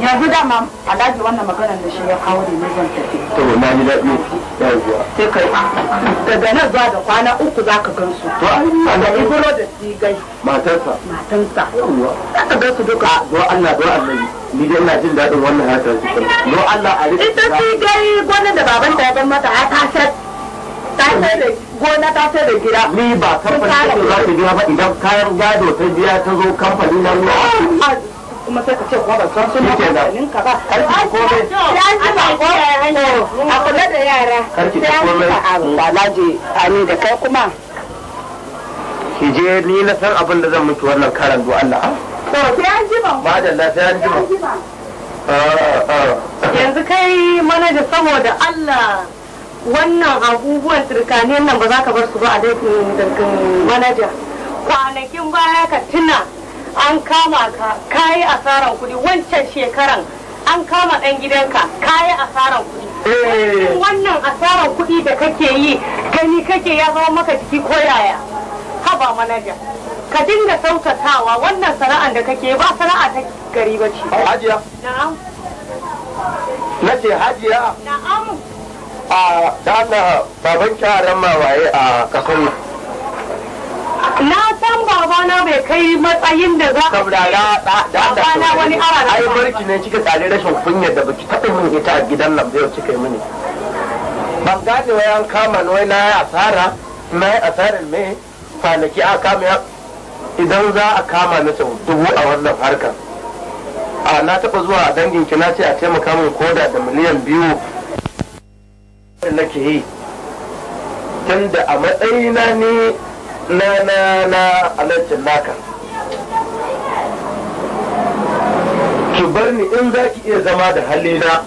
Speaker 3: yanzu dama daji wannan magana da shi ya kawo da zan tafi to na ji daɗi zuwa sai kai daga nan zuwa da kwana uku za ka gansu to an da ibro da sigai matarsa matarsa za ka gansu duka don Allah don Allah ni dai ina jin daɗin wannan hatar su don Allah a rike ita sigai gwanin da babanta ya bar mata a tasar tasar da na ta sai da gida ni ba kamfani ta za ta biya ba idan kayan gado ta biya ta zo kamfani na ruwa kuma sai ka ce kuma ban san suna kamfanin ka ba karki komai ko oh, a kula da yara karki komai a laje ani da kai kuma ki je ni na san abin da zan miki wannan karan do Allah to sai an ji ba madalla sai an ji ba ah, ah. yanzu kai manaja saboda Allah wannan abubuwan turkaniyar nan ba za ka bar su ba a dangin manaja kwanakin baya ka tuna an kama ka kayi asaran kudi wancan shekaran an kama dan gidanka kayi asaran kudi eh. wannan asaran kudi da kake yi gani kake ya zama maka jiki ko yaya haba manaja ka dinga sautatawa wannan sana'an da kake ba sana'a ta gari ba ce hajiya na'am nace hajiya na'am a dana baban kyaran mawaye a kasar na san babana bai kai matsayin da za a da babana wani ara da ai barki ne kika tsare rashin kunya da baki taɓa min ita a gidan nan bai kika yi mini ban gane wai an kama wai na yi asara na yi asarar me kwanaki a kama idan za a kama na sau dubu a wannan harkar a na taɓa zuwa a dangin kina ce a taimaka min koda da miliyan biyu nake yi da a matsayina ne na na na alaccin naka ki bar ni in za ki iya zama da halina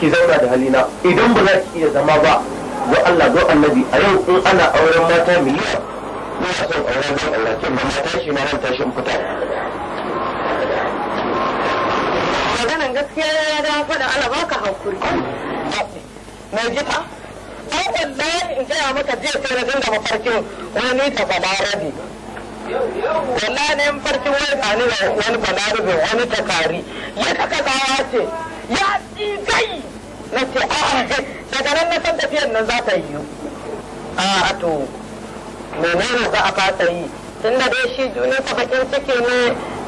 Speaker 3: ki zauna da halina idan ba za ki iya zama ba ga Allah don annabi a yau in ana auren mata miliyan ina son auren don Allah kin ba mata shi ma ran shi fita maganan gaskiya ya da faɗa Allah baka hakuri mai gida ko wallahi in gaya maka jiya sai na dinga mafarkin wani ta balarabi wallahi ne mafarkin wani sani wani balarabi wani takari ya ta kazawa ce ya tsigai na ce a ah, daga nan na san tafiyar nan za ta yi a ah, to menene za a fasa yi tun da dai shi juni ta bakin ciki ne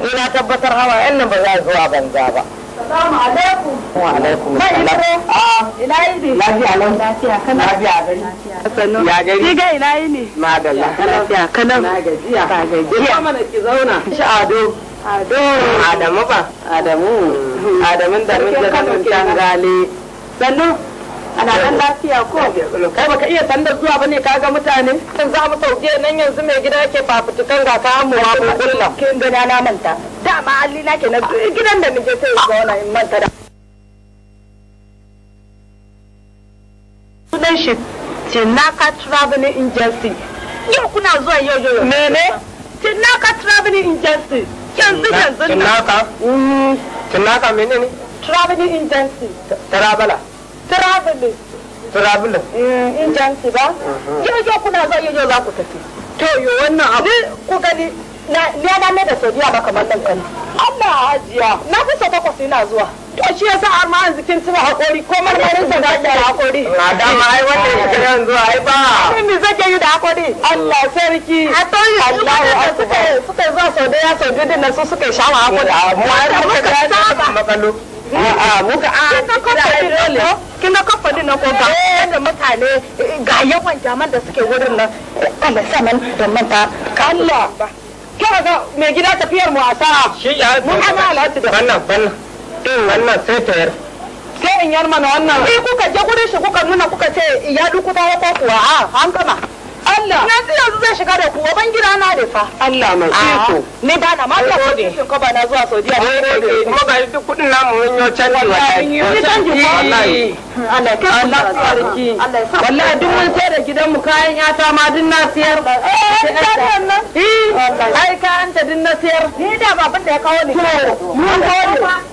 Speaker 3: ni na tabbatar hawa yan nan ba za zuwa banza ba Salamu alaikum. Wa alaikum salam. Ah, ina ne. Lafiya lau. Lafiya kana. Lafiya gari. Sannu. Ya gari. Ki ga ina yini? Madalla. Lafiya kana. Na gajiya. Ka gajiya. Ki mana ki zauna. Shi ado. Ado. Adamu ba. Adamu. Hmm. Adamun da mun da mun tangale. Sannu.
Speaker 2: ana nan lafiya
Speaker 3: ko kai baka iya sandar zuwa bane ka ga mutane kan za mu sauke nan yanzu mai gida yake fafutukan ga ka mu wa kullum kin gani na manta dama alli na ke na eh, gidan da mije sai ga wannan manta da sunan shi Tinaka Traveling Agency yau kuna zuwa yau yau mene Tinaka Traveling Agency yanzu yanzu Tinaka Tinaka mm. menene Traveling Agency Tarabala traveling traveling eh, in jansi ba uh-huh. yau kuna zuwa yau za ku tafi to yo wannan abu ku gani na na mai da saudiya ba kamar nan kan Allah ajiya na fi sa takwas ina zuwa to shi yasa amma yanzu kin tura hakori ko marmarin sa da hakori na da ma ai wanda ya kira zuwa, ai ba kin mi zake yi da hakori Allah sarki a to yi Allah suka suka zuwa saudiya saudiya din nan su suka shawa hakori amma da muka saba a'a ah, ah, muka a kin dole kin ga din ko ga eh. yadda mutane eh, ga yawan jaman da suke wurin nan Allah saman da manta kalla kira ga mai gida tafiyar mu a shi ya mun ana alhaji da wannan wannan eh, wannan sai tayar sai in yar mana wannan kuka je gurin shi kuka nuna kuka ce ya duku ta ko kuwa a ah, an gama Allah yanzu yanzu zai shiga da ku ban gida na da fa Allah mai iko ni ba na ma ko ne? ko ba na zuwa Saudiya ne kuma ga duk kudin namu mun yo canji wallahi ni canji wallahi Allah ka Allah sarki wallahi duk mun sai da gidan mu kayan yata ma din na siyar eh, eh ai ka anta din na siyar ni da babin da ya kawo ni mun kawo ni.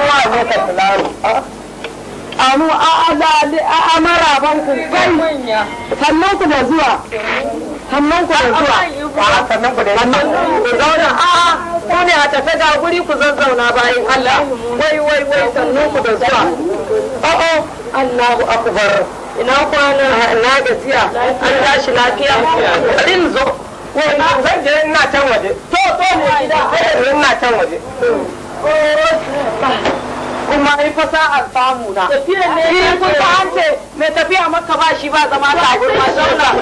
Speaker 3: kowa ne ka tilaro anu a a ku kai sannan ku da zuwa sannan ku da zuwa ku da zuwa zauna a ku ne a tafe ga guri ku zazzauna bayan Allah wai wai wai sannan ku da zuwa o'o Allahu akbar ina kwana na gajiya an tashi lafiya bari zo wai zan je ina can waje to to gida ina can waje kuma yi fa sa'ar samu na shi kusa an ce mai tafiya maka ba shi ba zama ta gudu ma zauna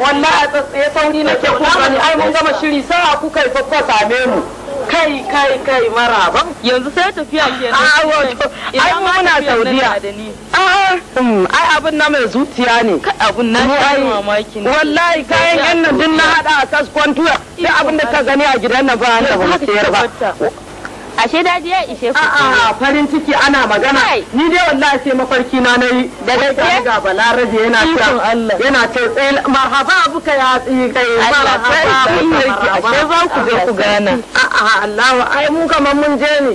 Speaker 3: wannan a tsatsaye sauri na ke kuka ne ai mun gama shiri sa'a kuka yi fa same mu kai kai kai maraba yanzu sai tafiya ke nan a wato ai muna saudiya hmm, ai abin na mai zuciya ne abin na shi mamaki ne wallahi kayan yan nan din na hada a kaskon tuya sai abin da ka gani a gidan nan ba na ba mu ba ashe daji ya ishe ku a'a farin ciki ana magana ni dai wallahi sai mafarki na nayi da gaskiya ga balarabe yana allah yana ta tsayin eh, marhaba abuka ya tsi kai marhaba ashe za ku je ku gana a'a Allahu ai mu kaman mun je ne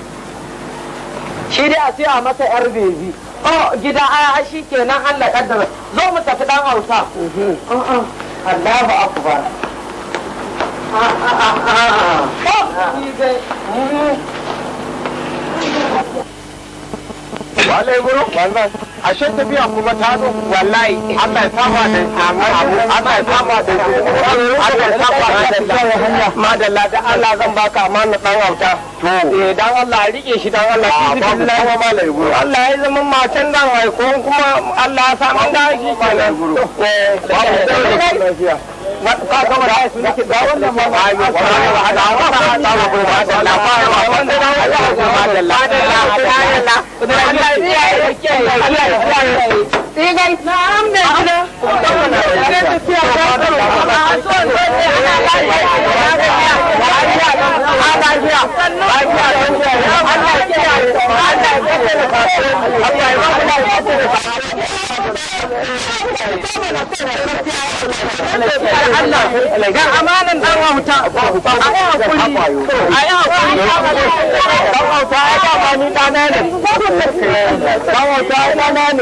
Speaker 3: shi dai a siya masa yar bebi o oh, gida aya shi kenan Allah kaddara zo mu tafi dan Hausa mhm. Allahu walai gurin wannan ashe tafiya kuma ta zo wallahi Allah ya saba da abu Allah ya saba da Allah ya saba da madalla da Allah zan baka amana dan auta to eh dan Allah rike shi dan Allah shi Allah ya malai gurin Allah ya zama matan dan ko kuma Allah ya sa mun shi kenan eh lafiya ka ga wallahi su nake da wannan ma ai ba ba da da da da da da Allah ga amanan dan wauta a yi hakuri a yi hakuri dan wauta ya ba ma ni dana ne dan wauta dana ne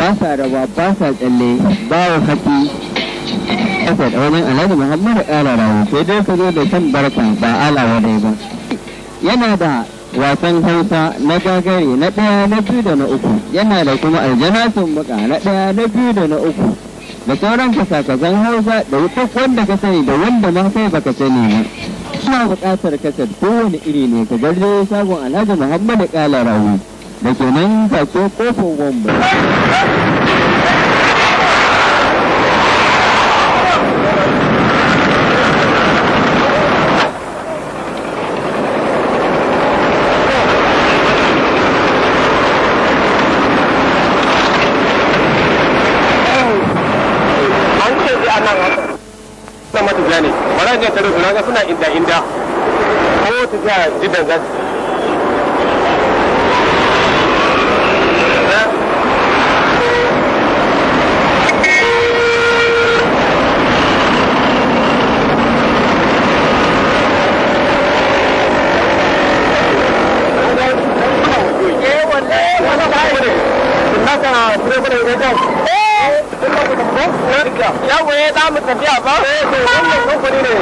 Speaker 3: ba sa rawa ba sa tsalle ba wa haƙi ƙasa da wani alhaji muhammad ƙara rawa sai dai ka zo da kan barka ba alawa dai ba yana da wasan hausa na gagare na ɗaya na biyu da na uku yana da kuma aljana sun buka na ɗaya na biyu da na uku da sauran kasakasan hausa da duk wanda ka sani da wanda ma kai baka sani ba suna buƙatar kasar kowane iri ne ka garje shagon alhaji muhammad ƙala da ke nan kasuwar kofin wambo
Speaker 2: Sama tafiya ne, bara ne suna inda inda, ko tafiya jidan za
Speaker 3: za tafiya ba? ne.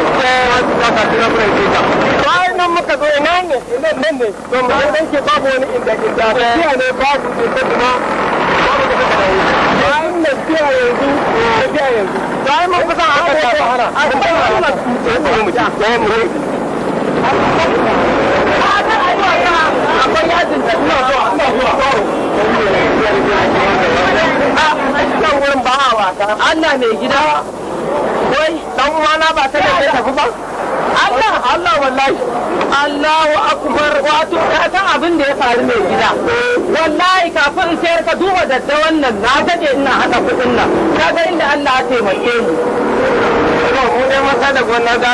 Speaker 3: Bayan nan muka zo ina ne? Ina nan ne. To mu ke babu wani inda inda. Tafiya ne ba su ta kuma. Bayan nan tafiya yanzu, tafiya yanzu. Bayan mun kusa a ta A mu da Allah mai gida wai dan uwana ba ta da zai tafi ba Allah Allah wallahi Allahu akbar wato ka san abin da ya faru mai gida wallahi kafin sayar ka duba daddawan nan na dade ina hada kudin nan ka ga inda Allah ya taimake mu to mu dai masa da gona ga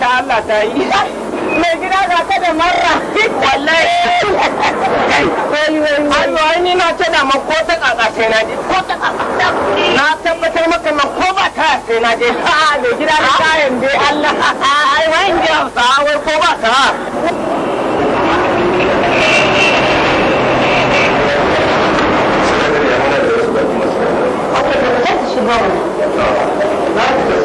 Speaker 3: ta Allah ta yi mai gida ga ta da marra wallahi ai ni na ta da ma ko ta kaka sai na je ko ta kaka na tabbatar maka ma ko ba ta sai na je a mai gida da kayan dai Allah ai wai in ji hausa ah, wai ko ba ta
Speaker 1: Thank you.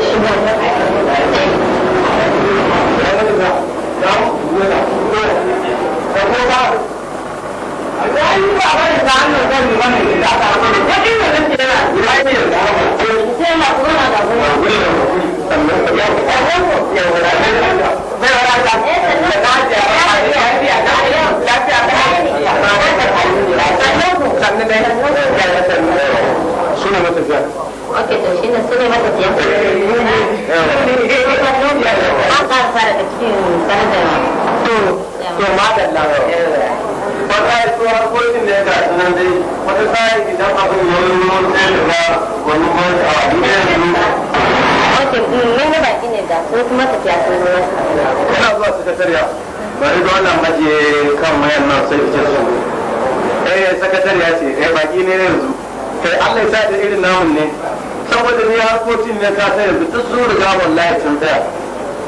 Speaker 3: ka sai yanzu duk zuwa riga wallahi sun tsaya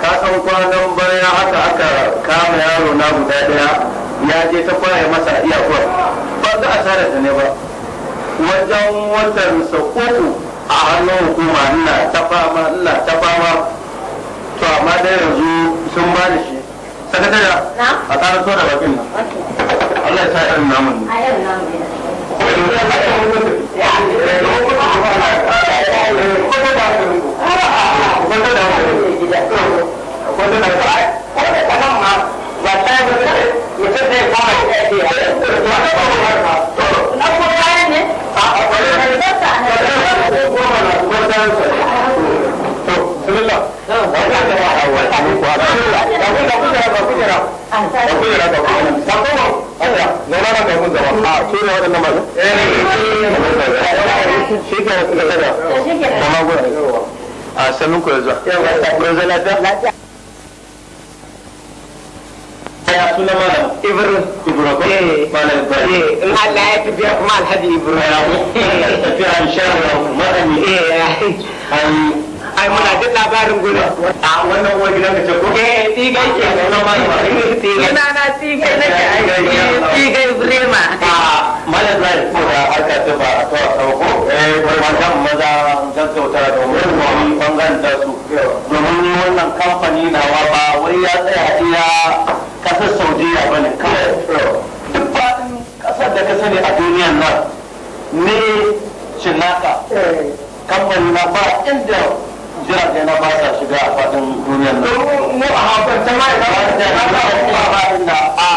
Speaker 3: ka san kwanan baya haka aka kama yaro na guda daya ya je ta kwaye masa iyakuwar ba za a tsara ta ne ba wajen watan sa uku a hannun hukuma ina ta fama ina ta fama to amma dai yanzu sun ba da shi sakatariya a tsara so da bakin nan Allah ya sa irin namun ne kwanta da wani gida kwanta da wani ko da ma ba ta yi mutum da yi ba ta ba wani ba na ko ne a da ba ta ta yi ba ba ba ba ba ba kada kuma gudu a sanin ku da zuwa ku da lafiya ya suna malam ibro ibro ko malam ibro eh in Allah ya tafi kuma alhaji ibro ya ko tafiya insha Allah kuma an eh ai muna jin labarin gudu a wannan uwar gidan ka ce ko eh tigai ke wannan ma tigai na na tigai na ke ai tigai brema malam zai ko da harka ta ba a tawa sauko eh wannan maza gaggauta da wani bangaren da su domin wannan kamfani na wa ba wai ya tsaya iya kasar saudiya bane kawai duk faɗin kasar da ka sani a duniyan nan ne shinaka kamfani na ba inda jiragen na ba sa shiga a faɗin duniyan nan. Mu a hakan ta ba ya ba da ba ba da a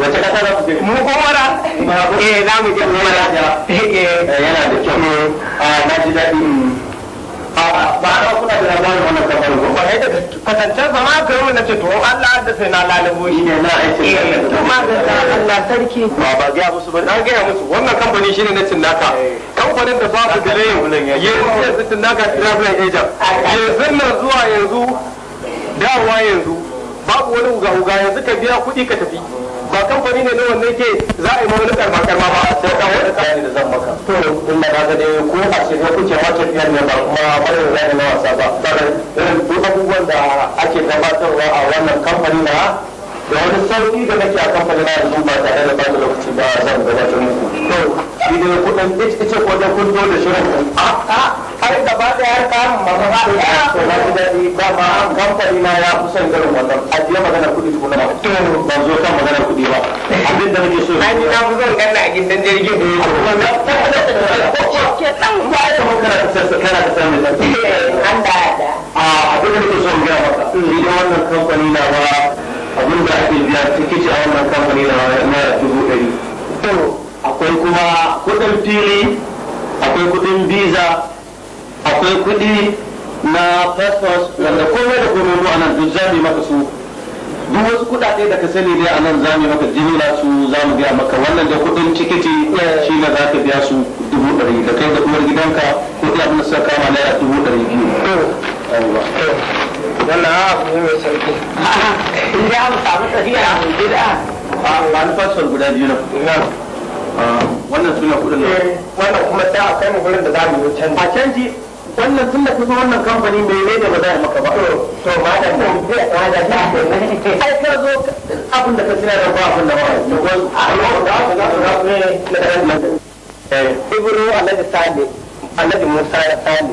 Speaker 3: wace kasa za ku je mu umara eh za mu je umara eh, eh. eh, yana da kyau ah, na ji daɗi ah, ba a kuna da labarin wannan kafar ko ba da kwatancan sama ka yi na to Allah da sai na lalabo shi ne na aiki to ma ga Allah sarki ba ba ga musu ba na ga musu wannan kamfani shine na cinnaka kamfanin da ba babu gare yanzu yanzu cinnaka travel agent yanzu na zuwa yanzu dawowa yanzu babu wani uga uga yanzu ka biya kuɗi ka tafi ba kamfani ne na wannan ke za a yi mawani karma karma ba sai ka wani tsari da zan maka to in da ka dai ko a ce ko kuce ma tafiyar ne ba kuma barin zai na wasa ba irin duk abubuwan da ake gabatarwa a wannan kamfani na da wani sauki da nake a kamfanin na da ba tare da bata lokaci ba zan gabatar muku to shi ne kudin ice ko da kun zo da shirin ku a a har gaba da har kamun magana to na ji daɗi ba ma kamfani na ya fi garin wannan a jiya magana kuɗi tukuna ba to ba zo kan magana kuɗi ba abin da nake so na ji na fi ganna a gidan jirgin eh, ne wannan ba ke dan ba da magana ta sassa kana ta samu lafiya eh, an da a abin da nake so in ga maka shi da wannan kamfani na ba abin da ake biya tikici a wannan kamfani na naira dubu ɗari akwai kuma kuɗin fili akwai kuɗin visa akwai kuɗi na passport wanda komai da komai ko anan duk zami maka su duk wasu kuɗaɗe da ka sani dai anan za mu maka jimila su za mu biya maka wannan da kuɗin cikiti shi ne za ka biya su dubu ɗari da kai da kuma gidanka kuɗi abin da suka kama naira dubu ɗari biyu. wannan abu ne mai sauki in dai an samu tafiya a bid'a a ah, wani fasfar guda biyu na ah, wannan suna kudin nan eh, wannan kuma sai a kai mu gurin da za mu yi canji a canji wannan tun da kusa wannan kamfani mai ne da ba za a maka ba to ma da ne ai ka zo abin da ka tsira da ba abin da ba ne ko a yau da za ku za ne eh, na da nan eh, ibro annabi sale annabi musa ya sale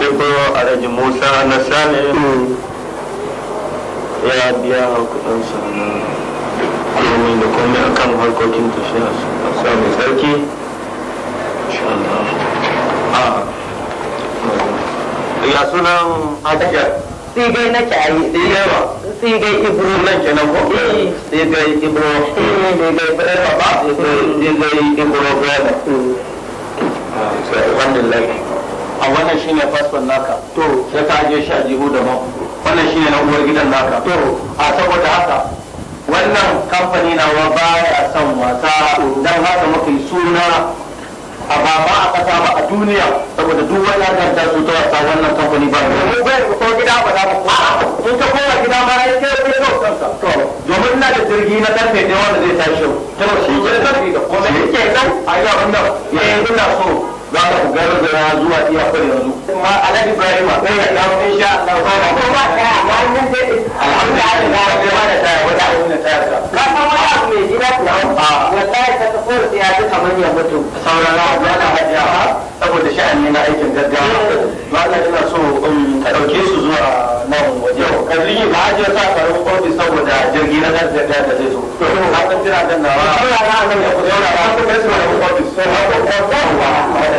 Speaker 3: kwaikwayo a musa na sani mm. ya biya kudin na da harkokin tafiya a sami sarki ah. ya sunan sigai na sigai sigai ibro nan ko mm. mm, sigai ibro sigai ba sigai ibro ah, a wannan shine fasfon naka to sai ka aje shi a jihu da daban wannan shine na uwar gidan naka to a saboda haka wannan kamfani na nawa baya son wasa dan haka muka yi suna a ba a kasa ba a duniya saboda duk wani ta su ta wasa wannan kamfani ba ne mu bai ko gida ba za mu ko in ka koma gida ma ai sai ka kawo kanka to domin na da jirgi na karfe da wanda zai tashi to shi ke da ko sai ke nan ai ga wannan eh ina so za ku garzara zuwa iyakar yanzu ma alhaji ibrahim sai ya kawo insha Allah ba ma ko ba ta wannan dai alhamdulillah ba ta ba ta ta ba ta ka san wani abu mai gida ku a ta ta ta da ya ta manya mutu sauran rawa ya ta hajiya ta saboda sha'ani na aikin gaggawa eh. ba ta ina so in um, ka dauke su zuwa nan waje ka rige ba hajiya sa karin ofis saboda jirgi na da da da zai zo ka san jira dan nawa sauran rawa nan ya ku sauran rawa ku da su ofis sauran rawa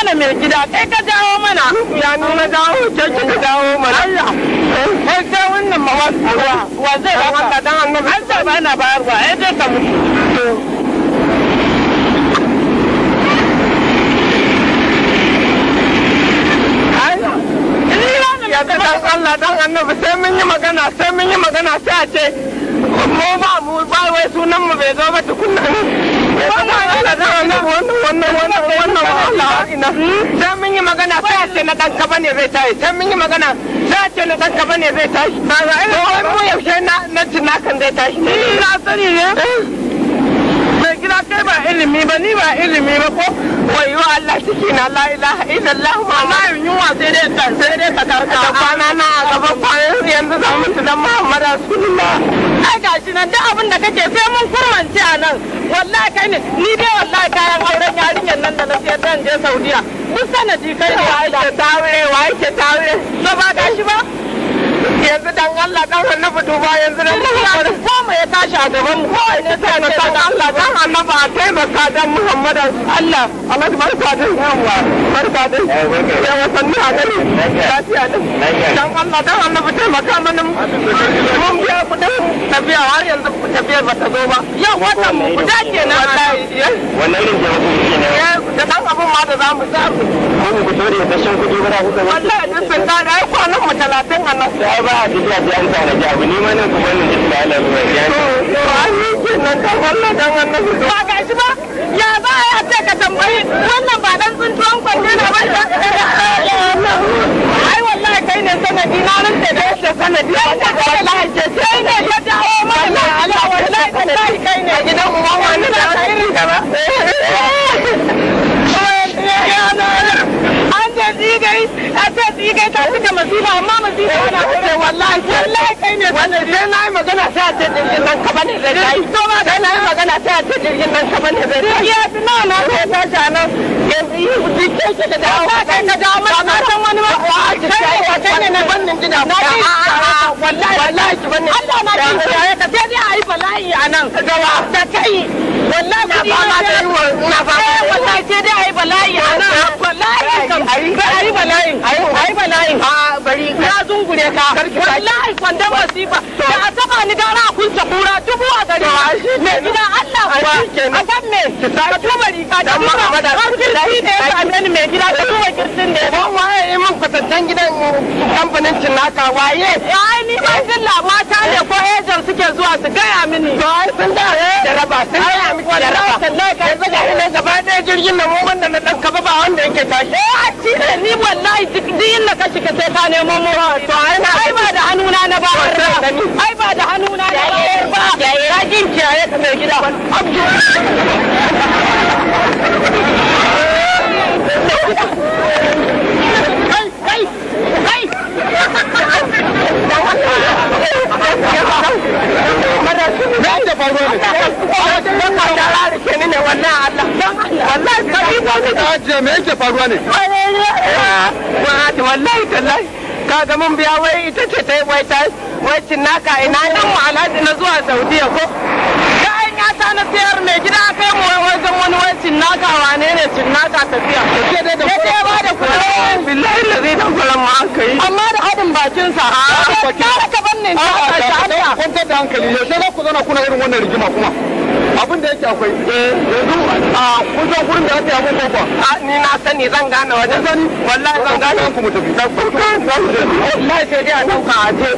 Speaker 3: mai gida kai ka jawo mana ya nuna jawo ke kika jawo mana Allah eh. kai kai wannan ma wa zai ba haka dan annabi an sa ba na bayarwa ai dai ka mutu Allah dan annabi sai mun yi magana sai mun yi magana sai a ce mu ba mu ba wai sunan mu bai zo ba tukunna sai mun yi magana sai a ce na ɗan kaba ne zai tashi sai mun yi magana sai a ce na ɗan kaba ne zai tashi to wai mu yaushe na tunakan zai tashi ne na sani ne gida kai ba ilimi ba ni ba ilimi ba ko wai wa Allah ciki na la ilaha illallah ma ma yunwa sai dai ta sai dai ta karka kwana na gaba kwanan yanzu zan mutu dan Muhammad sallallahu ai gashi nan duk abin da kake sai mun kurmance a nan wallahi kai ne ni dai wallahi kayan auren yarinyar nan da na sayar dan je Saudiya mun sanadi kai ne ai ta tawe wai ke tawe ba ba gashi ba yanzu dan Allah dan annabi duba yanzu dan Muhammad ko mu ya tashi a gaban mu ko ne sai na san Allah dan annabi a taimaka dan muhammadu Allah Allah barka da yawa barka da yawa sanni a gani lafiya din dan Allah dan annabi taimaka mana mun biya kudin tafiya har yanzu tafiyar ba ta zo ba yau watan mu guda kenan wallahi wannan ne jama'a ne eh, da dan abun ma da zamu samu mun ku tore da shan kudi ba ku wallahi din sun da ai kwanan mu 30 a nan ai ba a tafiya sai an tanaji abu nan kuma nan da ruwa ya to to an yi kenan kan Allah dan annabi ga shi ba ya ba a ce ka tambayi wannan ba dan na ba da ai wallahi kai ne sanadi na nan da shi sanadi ce sai ne ya dawo mana Allah wallahi kai ne gidan uwa wannan da gaba tsigai a ce tsigai ta fi da masifa amma masifa na kuma eh, wallahi wallahi kai ne wannan sai na yi magana sai a ce jirgin nan kaba ne zai dai to ma sai na yi magana sai a ce jirgin nan kaba ne zai dai ya fi na na sai ta nan yanzu yi dawo ka kai ka dawo na san wani ma a kai ka kai ne na bannin gida na wallahi wallahi ki bannin Allah ma kiyaye ka sai dai a yi bala'i a nan da kai wallahi ba ma yi wallahi sai dai a yi bala'i a nan wallahi kan a yi bala'in a yi bala'in a bari na zungure ka wallahi kwanda masifa da a taba ni gara a ta kura dubu a gari me gida Allah kuwa a kan me ka tuba riga da duba kirkin da ya same ni mai gida ka tuba kirkin da ya ba waye yi min kwatantan gidan kamfanin cinaka waye ai ni ban jilla mata ne ko ejan eh. suke zuwa su gaya mini to ai sun da da eh. raba sun gaya miki da raba yanzu ga ina gaba ɗaya jirgin nan mu wanda na ɗan kaba ba wanda yake tashi eh a ci ni wallahi duk na kashi ka sai ka nemo mu ai ba da hannuna na ba ai ba da hannuna na ba ba rajin kiyaye ka mai gida Hey! Hey! Hey! da faruwa ne. mun biya wai ita ce ta yi wai ta wai cinnaka ina nan mu alhaji na zuwa Saudiya ko. Da an ya ta na siyar mai gida aka cinnaka wane ne cinnaka tafiya ya ce ba da kuɗi billahi zai dan kula ma an kai amma da hadin bakin sa a ka ka banne ta ta ta kwantar da hankali yaushe za ku zana kuna irin wannan rigima kuma abin da yake akwai eh, yanzu a kun san gurin da aka yi abin kwakwa a ni na sani zan gane wajen sani wallahi zan gane ku mu tafi wallahi sai dai a dauka a je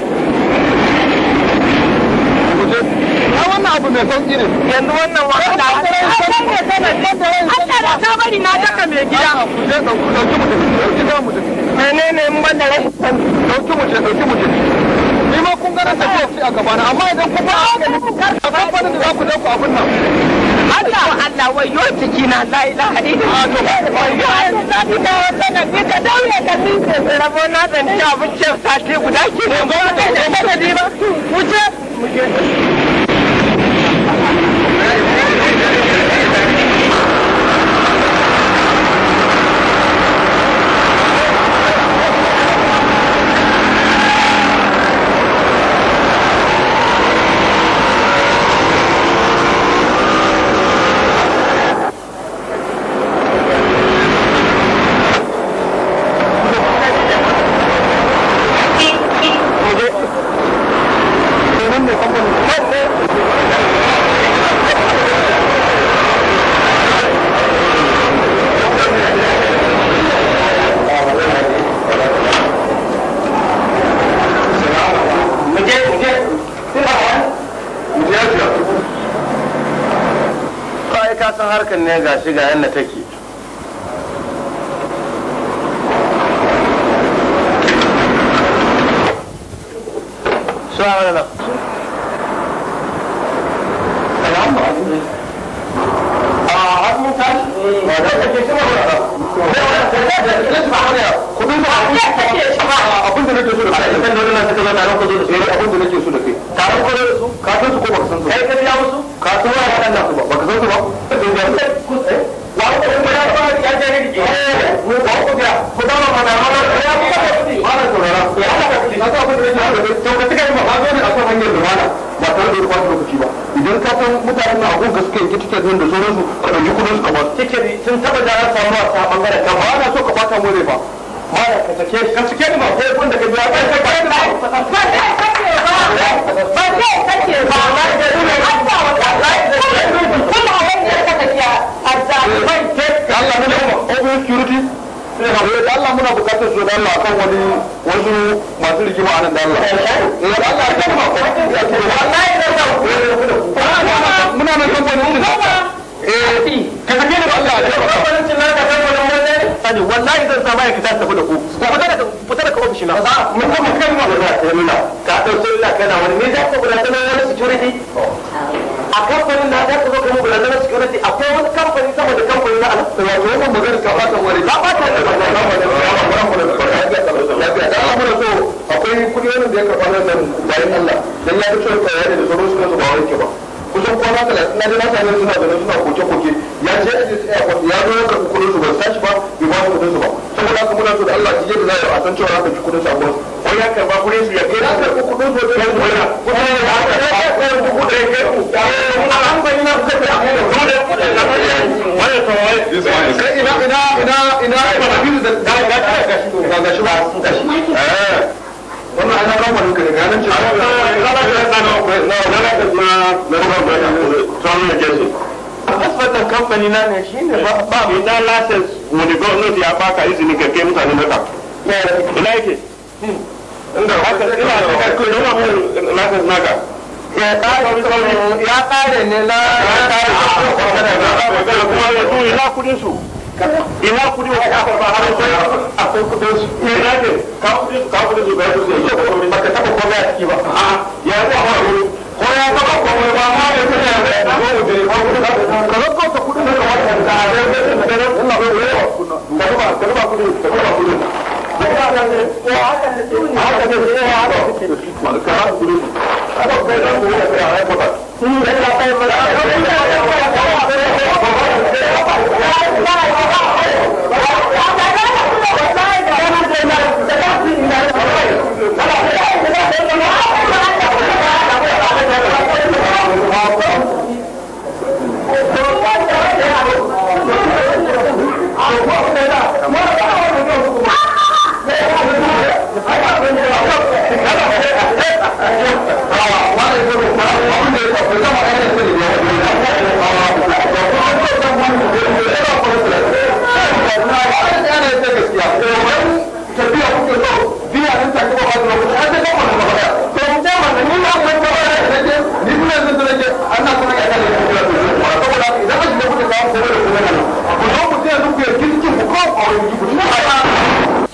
Speaker 3: wannan abu mai sauki ne yanzu wannan wahala Allah da ta bari na daka mai gida dauki mu dauki za mu tafi menene in banda rashin dauki mu dauki mu ni ma kun gara ta ce a gaba na amma idan kun ba a kamfanin da za ku dauko abin nan Allah Allah wayo jiki na la ilaha illallah to wayo Allah da wata na bi ka daure ka ninke rabo na zan ci abincin sati guda ke ne ba ta da ba wuce hakan ne ga shi ga yadda take ba gashi ba eh wannan ana ba mun kare ganin ci ba na na na na na na asibitin kamfani na ne shi ne ba ba ina lasis wani gwamnati ya baka izini ka kai mutane maka ina yake inda haka ina da kakko ina mun lasis naka ya kare ne na ya kare kuma na kudin su ina kudi wa ka karba har sai akwai kudin su me na ka kudi ka kudi su ga su sai ya komai baka taba komai a ciki ba a ya ba ba ko ya taba komai ba ma da kudi ya ba ko da ka kudi ka ka ka kudi ka ka ka da da da ina ba ba ka ba ka ba kudi ka ba kudi Thank Amen.
Speaker 1: saboda masu hankalinsu.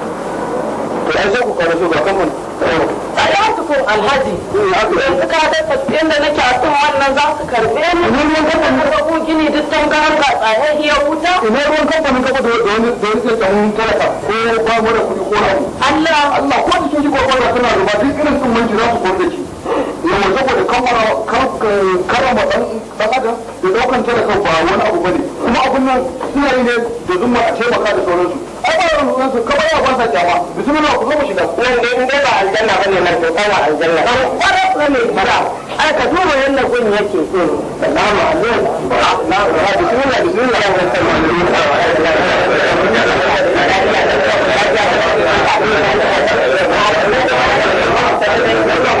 Speaker 3: ai sai ku kare su ba a ko alhaji eh, yanzu da tsaffin da nake a kan wannan za su ni ne ruwan kamfanin ka ko gini ka wuta ne ruwan da wani da wani ke ko ba ko Allah ko ko suna ruba duk irin sun manci za su kore da shi yawa eh, saboda karama eh, dan adam da daukan talaka ba wani abu bane kuma abun nan suna yi ne da zuma a taimaka da sauransu ai ba ran ruwan kamar ya ba sa kyama bismillah ku zo mu shiga nan dai in dai ba aljanna bane nan to kana aljanna ba ba ne bara ai ka duba yanda gun yake salamu alaikum bismillah bismillah Thank you.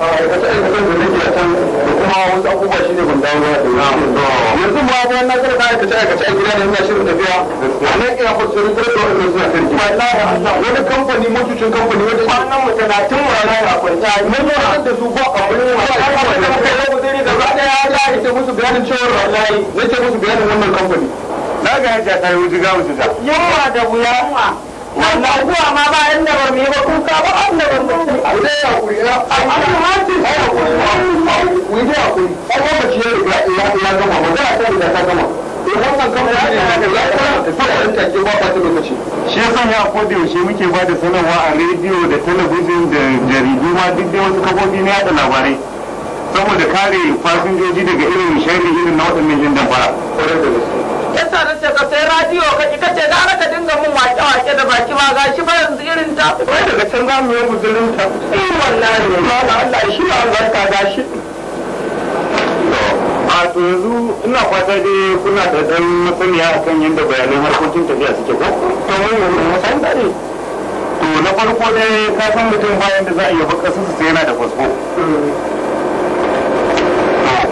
Speaker 3: wasu kuma shi ne ban dawo yanzu ma bayan na a aikace aikace a gida ne ina shirin tafiya a nan ina kwasu wani kira da wani suna kan wani kamfani mutucin kamfani wani kwanan mu talatin wa na ya kwanta mun zo na da su ba abin wa ya kwanta muka yi guzuri da ba a ya ita musu bayanin cewar wallahi zai ce musu bayanin wannan kamfani na ga yadda ta yi wuce ga wuce ta da wuya na zuwa ma ba yan nabar mai ba kun ka ba an nabar mai a wuce ya kuri na a wuce hanci a ya kuri na wuce ya kuri a wanda shi ya ya gama ba za a ta riga ta gama in wannan kama ya ne ya ya ta fara ba ba ta lokaci shi ya sanya a koda yaushe muke ba da sanarwa a rediyo da talabijin da jaridu ma duk da wasu kafofi na yada labarai saboda kare fasinjoji daga irin sharri irin na waɗannan jin damfara. yasa na ce ka sai radiyo ka ita ce gara ka dinga mun wake wake da baki ba gashi ba yanzu irin ta wai daga can za mu yi guzurin ta in eh, wallahi ma na Allah shi ma albarka gashi a to yanzu ina fata dai kuna da dan masaniya kan yadda bayanan harkokin tafiya suke ko to mun yi musan ne. to na farko dai ka san mutum bayan da za a yi bakasu su sai yana da fasfo mm.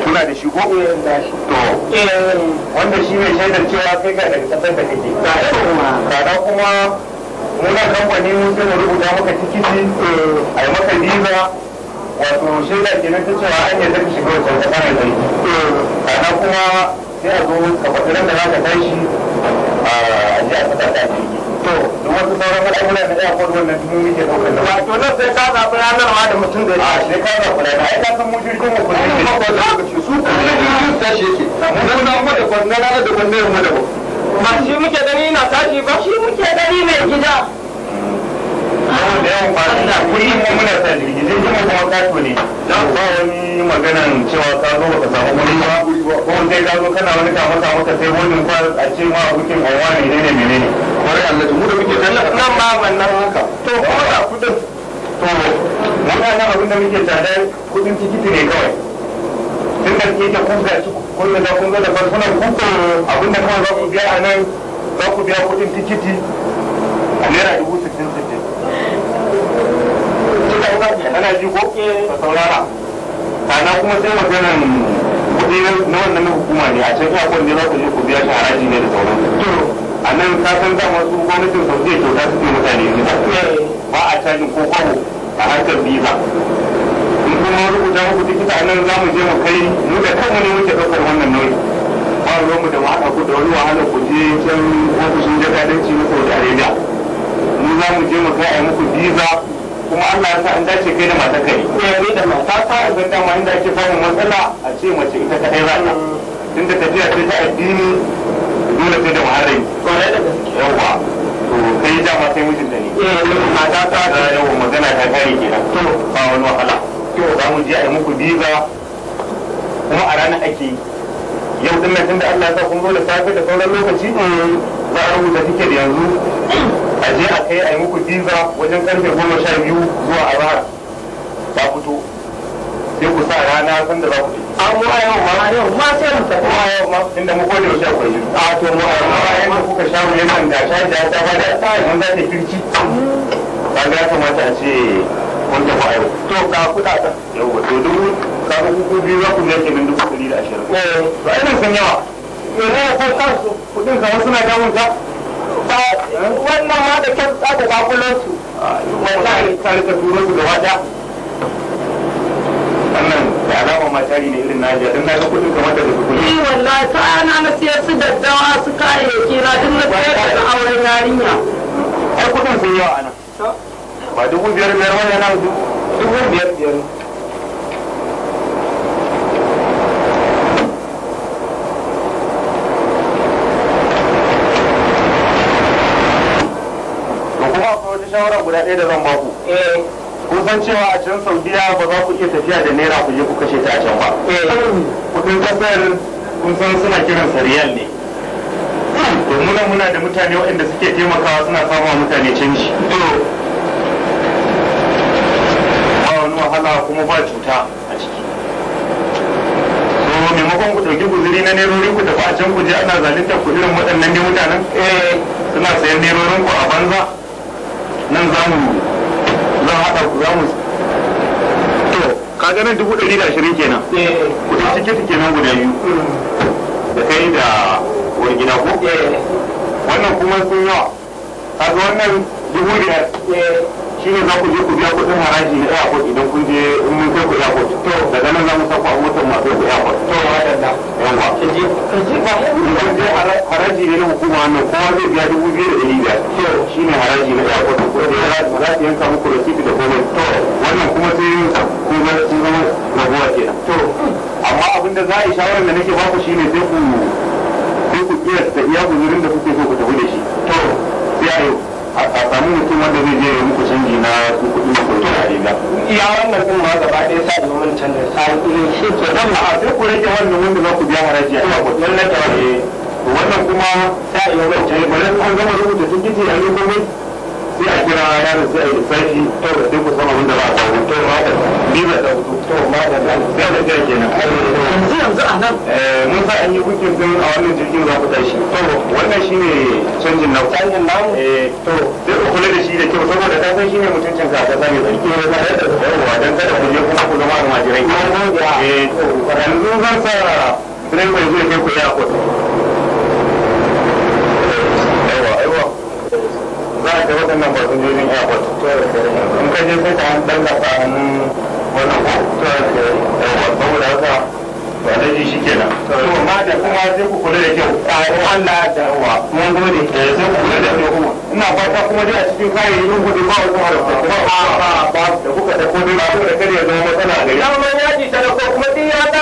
Speaker 3: tura da shi ko eh, to eh. wanda shi mai shaidar cewa kai ga daga kasar da kake kada kuma munan kamfani mun sai mu rubuta maka tikiti eh. a yi maka visa wato ke kenan ta cewa an yadda ka shiga wancan kasa mai zai kada kuma sai a zo ka faɗi da za ka tashi a ji a kasar da kake to wasu sauran al'amura da zai kwado wannan tun muke daukar da wato nan sai ka zaɓi ranarwa da mutum da ya shi ka zaɓi ranar ai ka san mu jirgin ne ko da lokaci su kullum jirgin tashi yake mun na mu da kwanne ranar da kwanne mu da ba shi muke gani na tashi ba shi muke gani mai gida yawan da yawan kwana ina kullum mu muna sa jirgi jirgi mu kuma kato ne ba wani magana cewa ka zo baka samu wani ba ko sai ka zo kana wani kama kama ka sai wani ba a ce ma abokin aiwa ne ne ne ne kwarai Allah mu da muke tallafa nan ba wannan haka to kuma da kudin to mutanen abin da muke tsada kudin tikiti ne kawai tun da ke ta kuka shi da kun zo da kuka abin da kawai za ku biya a nan za ku biya kudin tikiti a naira dubu ana ji ko eh. ka saurara kana kuma sai maganan kuɗi na wannan hukuma ne a can iya kwan ne za ku je ku biya shi haraji ne da sauran to a nan ka san dama su gwamnatin saudiya kyauta suke mutane eh. ba a cajin ko kwabo a harkar visa in kuma rubuta muku tikita a nan za mu je mu kai mu da kanmu ne muke ɗaukar wannan nauyi ba ruwanmu da mu haɗa ku da wani wahala ku je can ofishin jakadanci na saudi arabia mu za mu je mu kai a muku biza. kuma an ya an dace kai da mata kai ko ya da mata ta idan da ma inda ake samun matsala a ce mace ita ta kai rana tun da tafiya ce ta addini dole sai da muharrami kwarai da gaske yawa to kai da mata sai mijin da ne eh, eh mata ta da yawa magana ta kare ke to ba wani wahala to za mu je a yi muku biza kuma a ranar ake yau din nan tun da Allah ya sa kun zo da safe da sauran lokaci eh. za a rubuta tiket yanzu a je a kai a yi muku visa wajen karfe goma sha biyu zuwa a azahar ba fito sai ku sa rana san da za ku a mu a yau ma yau ma sai mu tafi. a yau ma inda mu gode yaushe akwai yin. a to mu a yau ma A da kuka sha mu yanan da sha da ta ba da ta mun za ta kirki. ba ga kamata mata ce kun tafi a yau. to ka ta. yau to dubu ka ga kuku biyu za ku biya min dubu ɗari da ashirin. Ko ba irin sun yawa. yanzu ya ko kansu kuɗin kamar suna damun ta. ba wannan ma da kyan tsada zakulo su wallahi tare da turo su gaba da wannan da alama ma tari ne irin najiya din na ga kudin kamar da su kudi wallahi ta ana na siyar su daddawa su kayayyaki na duk na siyar da auren yarinya ai kudin sun yawa ana ba dubu biyar biyar wani dubu biyar biyar shawara guda ɗaya da zan ba ku. Eh. kun san cewa a can saudiya ba za ku iya tafiya da naira ku je ku kashe ta a can ba eh. kudin kasar kun san suna kiran Riyal ne to muna muna da mutane waɗanda suke taimakawa suna samun mutane canji ba wani wahala kuma ba cuta a ciki so maimakon ku ɗauki guzuri na nerori ku tafi a can ku je ana zalunta ku irin waɗannan ne mutanen eh. suna sayan nerorin ku a banza nan za mu za haɗa za mu to kaga nan dubu ɗari da ashirin kenan eh, eh. kuɗin tiket kenan guda biyu mm. da kai da wani gida ko eh. wannan kuma sun yawa kaga wannan dubu biyar shi ne za ku je ku biya kuɗin haraji na airport idan kun je in mun kai ku airport to daga nan za mu sauka a motar masu yau airport to waɗanda yawa kun je haraji ne na hukuma nan kowa zai biya dubu biyu da ɗari biyar shi ne haraji na airport ko da ya za ta yanka muku rasiti da komai to wannan kuma sai ku ga sun zama rabuwa kenan to amma abin da za a yi shawarar da nake baku shine sai ku sai ku kiyasta iya guzurin da kuke so ku tafi da shi to sai a yau a samu mutum wanda zai je ya muku canji na kuɗin kuɗi a riga. Iya wannan kuma gaba ɗaya sa domin canza sa kuɗin shi ke nan ma sai ku rage wannan wanda za ku biya haraji a kuɗi. Lallai da wannan kuma sa iya wancan ya bari an gama rubuta tikiti a yi komai sai a kira yaron sai a yi sashi to da sai ku abin da ba a samu to ma da ni da to ma da sai da kai kenan yanzu yanzu a nan eh, mun sa an yi bukin din a wannan jirgin za ku tashi to wannan shine canjin nau canjin nau eh, to sai ku kula da shi da kyau saboda ka san shine mutuncin ka ka sani zai eh, kira da da yawa dan kada ku je kuma ku zama almajirai eh yanzu zan sa direba zai kai ku ya kuɗi za ka waɗannan fasinjojin airport in ka je sai ka an ɗan ka samu wannan ko yawa haka ba da shi kenan to da kuma sai ku kula da kyau ƙaru Allah mun gode eh, sai ku kula da kyau kuma ina fata kuma dai a cikin kayayyakin gudu ba wata harafta kuma ba ba da kuka da kodin ba da kare ya zama matsala gari. Yawon yaji ta kuma din ya ta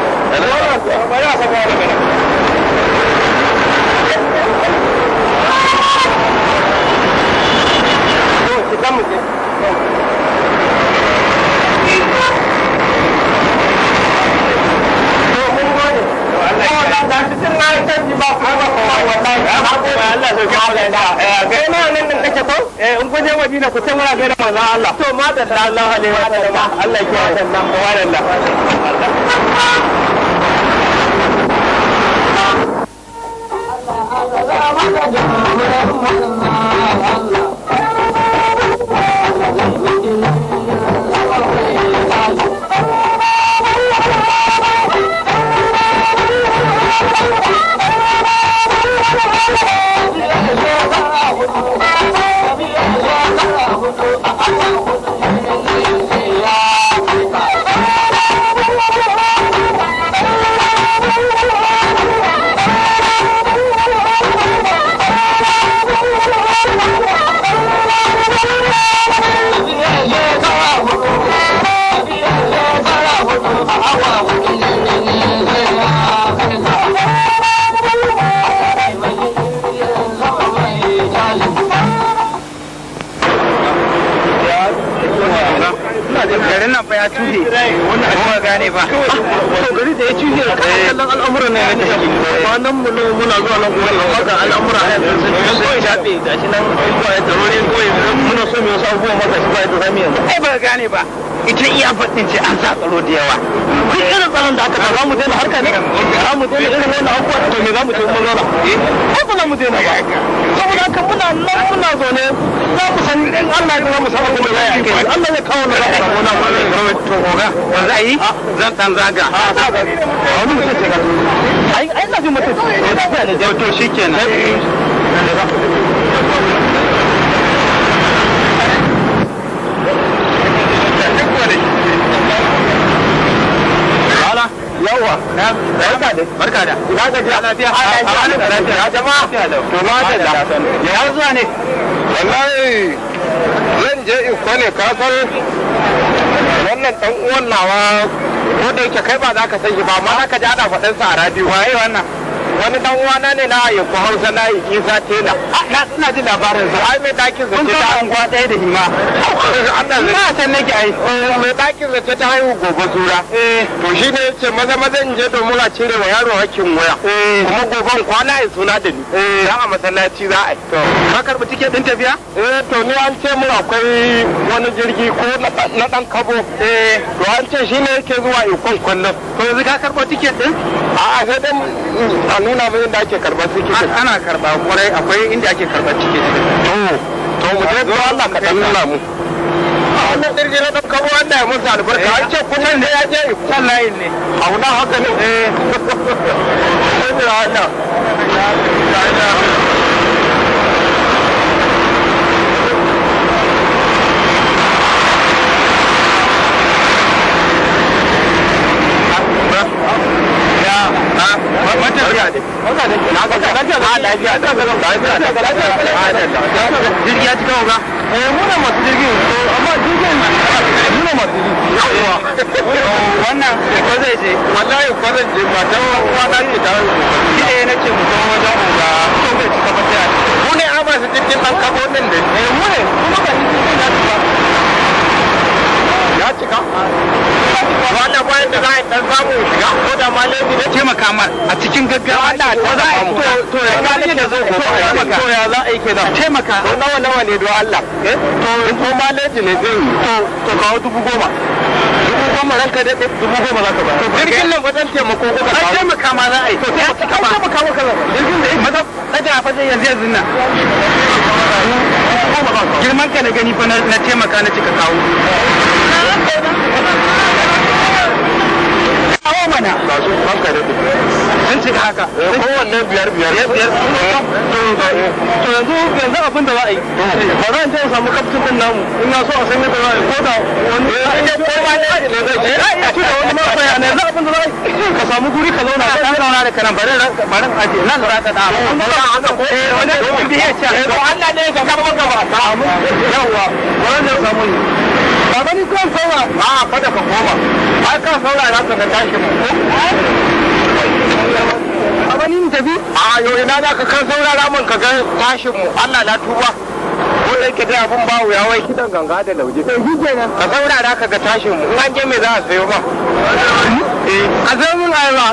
Speaker 3: madina ku san wani gaida manzon Allah to ma da Allah alaihi wa sallam Allah ya kiyaye Allah kallon al'amura ne na tafi ba nan mu nan muna zuwa nan kuma nan haka al'amura a yanzu sun yi sun shafe ga shi nan abubuwa ya taro ne kawai muna so mu wasu abubuwa maka shi ba ya ta yanzu ai ba gane ba ita iya faɗin ce an sa tsaro da yawa duk irin tsaron da aka ta za mu daina harka ne za mu daina irin wannan abubuwa to me za mu ce mun zauna ko eh? ba za mu daina ba saboda haka muna nan muna zaune
Speaker 2: za mu san in Allah ya mu san abin da za a yi
Speaker 3: Allah ya kawo na za a samu na wani to goga ba za a yi zan dan zaga a za ga ce ga ai ai na mutum eh, to shikenan kuwa na barka da barka da ina ga ji lafiya a lafiya jama'a to ma da da ya zuwa ne wallahi zan je in kwane kasar wannan dan uwan nawa ko da yake kai ba za ka san shi ba amma za ka ji ana faɗansa a radio waye wannan wani dan uwana ne na ya ku hausa na isa tela ah, na suna ji labarin sa ai mai dakin zace ta anguwa ɗaya da hima Allah na san nake ai eh, mai dakin zace ta haihu gobe zura eh. to shine yace maza maza in je domin a cire wa yaro hakkin waya eh. kuma goben kwana ya suna da ni za a masallaci za a yi to ka karbi tike din tafiya eh to ni an ce mu akwai wani jirgi ko na dan kabo eh to an ce shine yake zuwa ikon kullum to yanzu ka karbo tike din a'a sai dan nuna mu inda ake karɓar ciki tikitin ana karɓa kwarai akwai inda ake karɓar ciki to to mu je don Allah ka dan nuna mu wannan dirje na ɗauka wanda ya musu albarka an ce kunan ne ya je can layin ne a wannan haka ne eh da lafiya eh, ne na ga dan uwa ta ce ta cika wannan bayan da za a dan samu shiga ko da ma laifi a cikin gaggawa da ta za a to ya ga ne da zo to ya za a yi to nawa nawa ne don Allah eh? to ko ma laifi ne zai to to kawo dubu goma dubu goma ka da dubu goma za ka ba to jirgin nan wajen taimako ko ka taimaka ma za a yi to taimaka ma taimaka ma kaza jirgin da maza a fa yanzu yanzu nan girman ka na gani fa na taimaka na cika kawo kawo mana ba su banka da ku sun ce haka eh, kowanne biyar biyar biyar biyar eh, eh. to yanzu yanzu abin da za a yi ba za a je samu kaftin din namu in na so a san yadda za a yi ko da wani ya yi ko ma ne za a yi da wani mafi yana yanzu abin da za a yi ka samu guri ka zauna ka zauna da kanan bari bari aje nan ta da wani da ya ce ko Allah ne ya gaba gaba yawa wannan samu ne ba ba ni kan saura a fada ka koma ai kan saura za ka tashi mu ko ba ni mu tafi a yo ina da ka kan saura ramin ka ga tashin mu Allah na tuba ko dai da abun bawo ya wai kidan ganga da lauje to eh, shi kenan ka saura da ka ga tashin mu in an je me za a sayo ba eh. a zo mun aiwa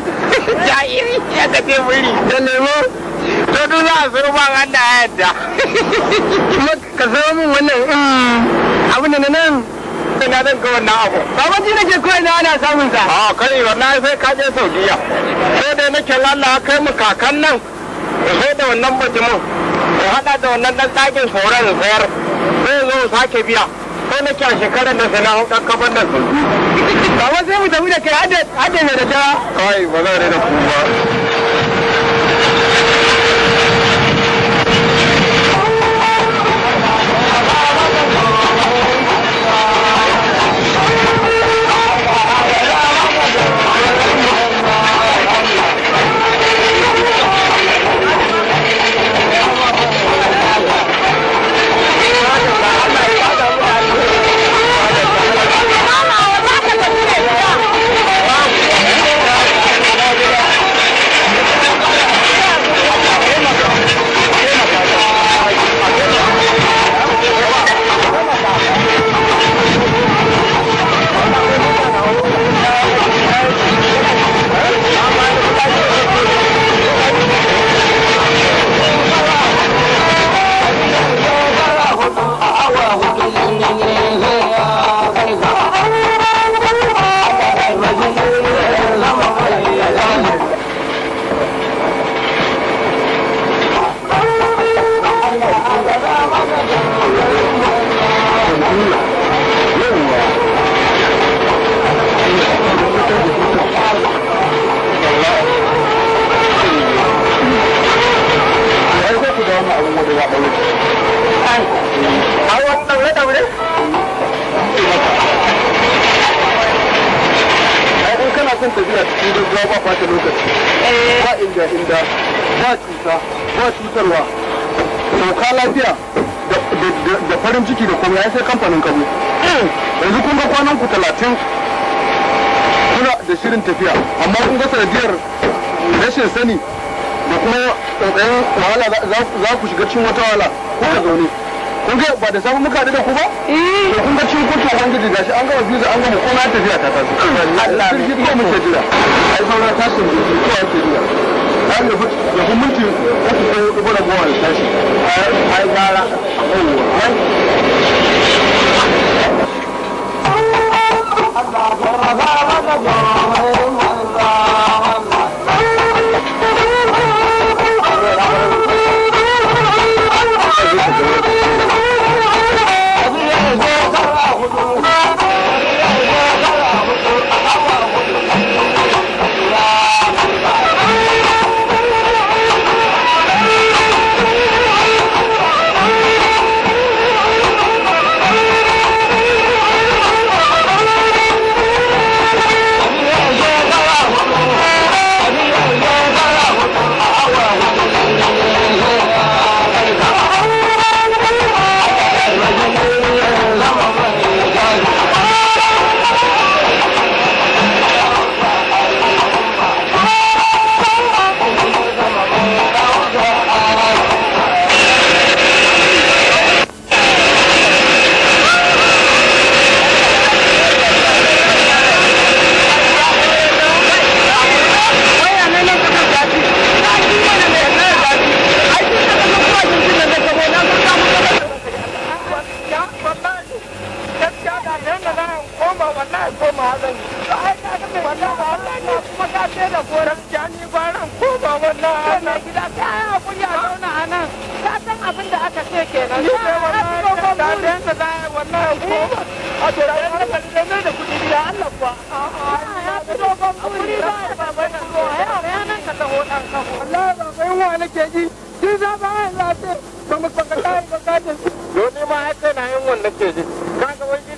Speaker 3: ya iri ya ka te wuri da lemo to duk za a sayo ba ka sayo mun wannan hmm. da nan sai na danka wannan abu. Baban ji nake kawai na ana samun sa. A ah, kai na sai ka je Saudiya. Sai dai nake lalla kai mu kakan nan. Sai da wannan batumin. Ya haɗa da wannan dan dakin horon sayar. Sai zo sake biya. Sai nake a shekarar da sai na hau da kafan nan. Baban sai mu tafi da kai hadda da ta. Kai ba zan da kuma ba.
Speaker 2: yin tafiya cikin gaggawa ba fata lokaci
Speaker 3: eh. ba inda inda ba cuta ba cutarwa sauka lafiya da farin ciki da kuma ya sai kamfanin kabo yanzu kun ga kwanan ku talatin kuna da shirin tafiya amma kun ga sanadiyar rashin sani da kuma tsautsayin wahala za ku shiga cikin wata wahala
Speaker 2: ko ka zaune kun ga ba da samu muka da ku ba eh kun ga cin kuka ubangiji gashi an gama biza an gama kuma tafiya ta taso Allah ne ko mun ta jira ai saura ta sun ji ko
Speaker 3: ta jira dan da da hukunci ko ku ko ku da gowa ta shi
Speaker 1: ai gara Allah Allah Allah
Speaker 3: kenan ni ne wannan da dan da wannan ko a to rayuwar ka da nan da kudi da Allah kuwa a a to ban kudi ba ba ban so ya ranan ka taho dan ka wallahi ba kai wa nake ji din za ba Allah ce ba mu ka kai ba ka ce to ne ma haka na yin wannan ke ji kaga wai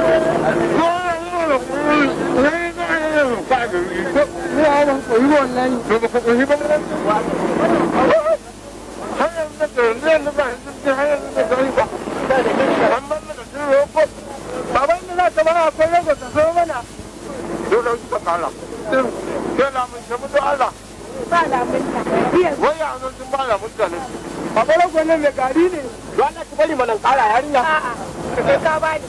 Speaker 3: Baba rago mai gari ne, ranar ki bari bani.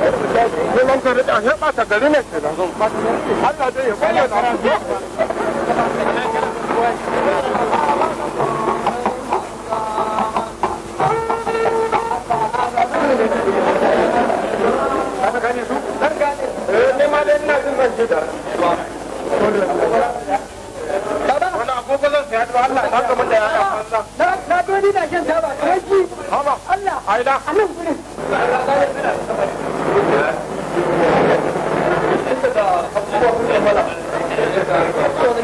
Speaker 3: neman gari da ya bata gari ne ke nan Allah dai ya Allah na gama da Allah.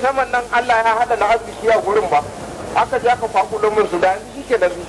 Speaker 3: saman nan Allah ya hada na arziki a gurin ba aka ji aka faku don su da
Speaker 2: yanzu ke da su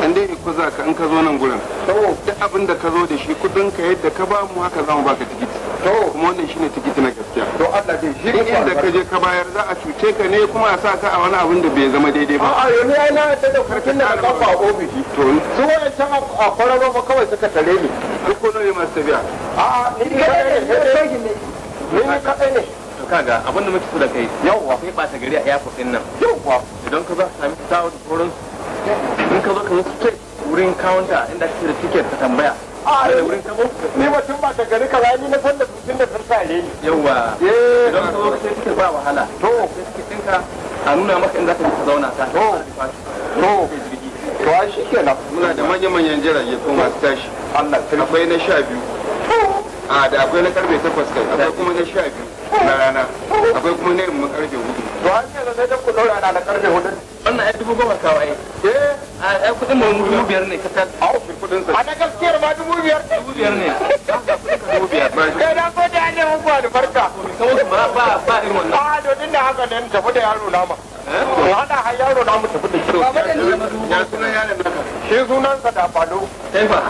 Speaker 2: an dai ku za ka in ka zo nan gurin to duk abin da ka zo da shi kudin ka yadda ka ba mu haka za mu baka tikiti to kuma wannan shine tikiti na gaskiya to Allah dai shi da ka je ka bayar za a cuce ka ne kuma a sa ka a wani abin da bai zama daidai ba a
Speaker 3: yanzu ai na da karkin da ka ba ofishi to su ta a kwararo ba kawai suka tare ni duk
Speaker 2: ko ne masu tafiya a
Speaker 3: ni ne ne
Speaker 2: ne ne ne ka ga abinda muke so da kai yawwa kai ba ta gari a airport din nan yawwa idan ka za ka sami fitawa da sauran in ka zo ka zo straight wurin counter inda kake da ticket ka tambaya da wurin
Speaker 3: kabo ni mutum ba ta gari kaza ni na san da tutun da sun ne ni yawwa eh. idan ka zo ka sai
Speaker 2: ticket ba wahala to sai ticket ɗinka a nuna maka inda ka ka zauna ta to to a shi kenan muna da manya-manyan jirage ko masu tashi Allah akwai na sha biyu a da akwai na karfe takwas kai akwai kuma na sha biyu na rana akwai kuma na yamma karfe hudu
Speaker 3: to an ce na sai da ku daura na karfe hudu wannan ai dubu goma kawai eh ai kudin mu dubu biyar ne kasar a ofin kudin sa ana gaskiyar ma dubu biyar dubu biyar ne dubu biyar kai na gode an yi muku albarka ba ba ba irin wannan a ah, domin da haka ne tafi da yaro na ma eh? to hada har yaro na mu tafi da shi ya sunan yaron naka shi sunansa da falo kai fa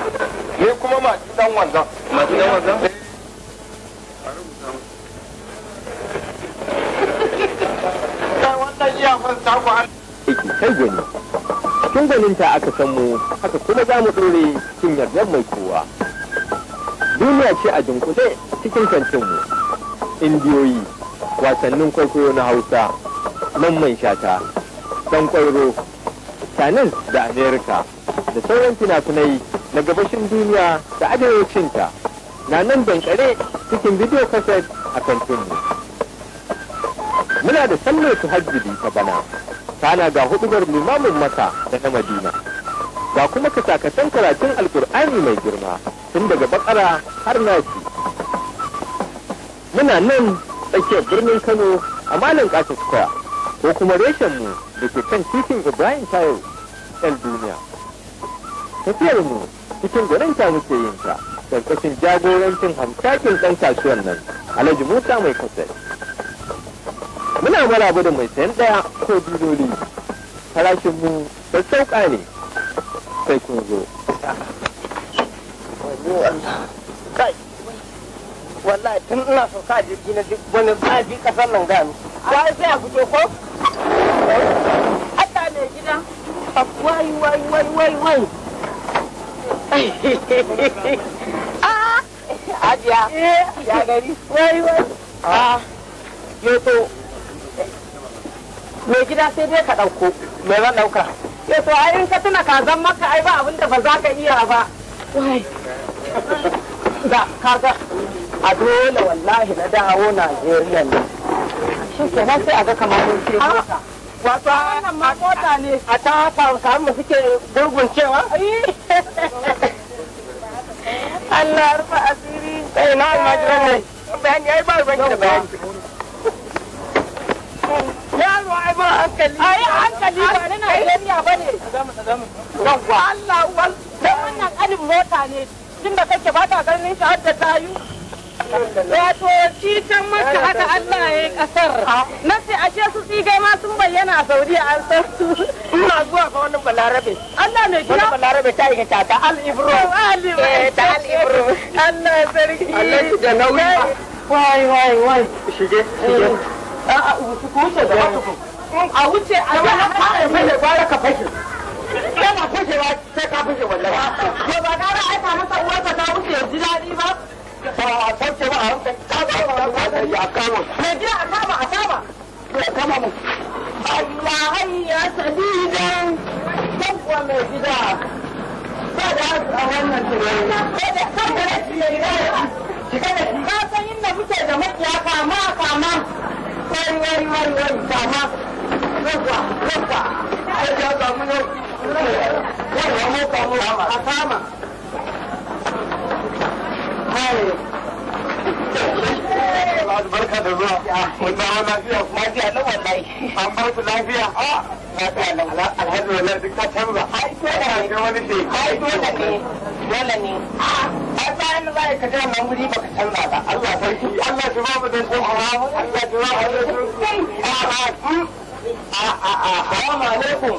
Speaker 3: ne kuma mati dan wanzan mati dan wanzan eh. Aiki
Speaker 2: kai gwani, cikin gwaninta aka san mu haka kuma za mu ɗore cin yardar mai kowa. Duniya ce a dunkule cikin kantinmu, indiyoyi,
Speaker 3: wasannin kwaikwayo na Hausa, mamman shata, ɗan kwairo, Canis da Amerika, da sauran fina-finai na gabashin duniya da arewacinta,
Speaker 2: na nan dankare cikin bidiyo kaset a kantinmu. muna da sallar su hajjibi ta bana tana ga hudubar limamin maka da na madina ga kuma kasakatan karatun alkur'ani mai girma tun daga bakara har nasi muna nan tsakiyar birnin
Speaker 3: kano a malin kasa square ko kuma reshen mu da ke kan titin ibrahim tayo
Speaker 2: yan duniya tafiyar mu cikin ta muke yin ta karkashin jagorancin hamsakin ɗan kasuwan nan alhaji musa mai kasar
Speaker 3: muna maraba da mai sayan daya ko farashin mu
Speaker 2: da sauka ne sai kun zo
Speaker 3: a jirgi a fito Ajiya, ya gari, wai wai. Ah, yoto, mai gida sai dai ka ɗauko mai zan ɗauka ya to ai in ka tuna ka zan maka ai ba abinda ba za ka iya ba da kaga a dole wallahi na dawo Najeriya ne shi kenan sai a ga kamar mun ce ah. wato wannan makota ne a ta fausa mu suke gurguncewa Allah rufa asiri sai na almajiran ne bayani ai ba ruban da bayani yaro ai ba hankali ai hankali ba na Najeriya ba ne yawwa Allah wal dan wannan alif mota ne tun da kake ba ta ganin shi hadda tayu wato shi can maka haka Allah ya kasar na ce ashe su tsigai ma sun bayyana a Saudiya an san su ina zuwa ga wannan balarabe Allah ne gida wannan balarabe ta yi ta ta al ibro eh, ta al ibro Allah sarki Allah da nauyi wai wai wai shige shige eh. a wuce wuce da a wuce a fara fashe gwara ka fashe yana fashewa sai ka fashe wallafa. ba ba gara aika masa uwarka ta wuce ji daɗi ba ba a sauke ba a hankali ta ba ba a kama a kama kama mu Allah hayya sadidan tabwa mai gida ba da a wannan ba da kan da ya yi ba ka san inda muke da makiya lafiya ku. Lafiya na wallahi. An bar ku lafiya? Lafiya na wallahi. Alhaji wallahi duk ka canza. Ai dole ne. wani ke. Ai dole ne. Dole ne. A bayan za ka ja nan guri baka canza ba. Allah sarki. Allah shi ba mu da shi. Allah shi ba mu da shi. A Assalamu alaikum.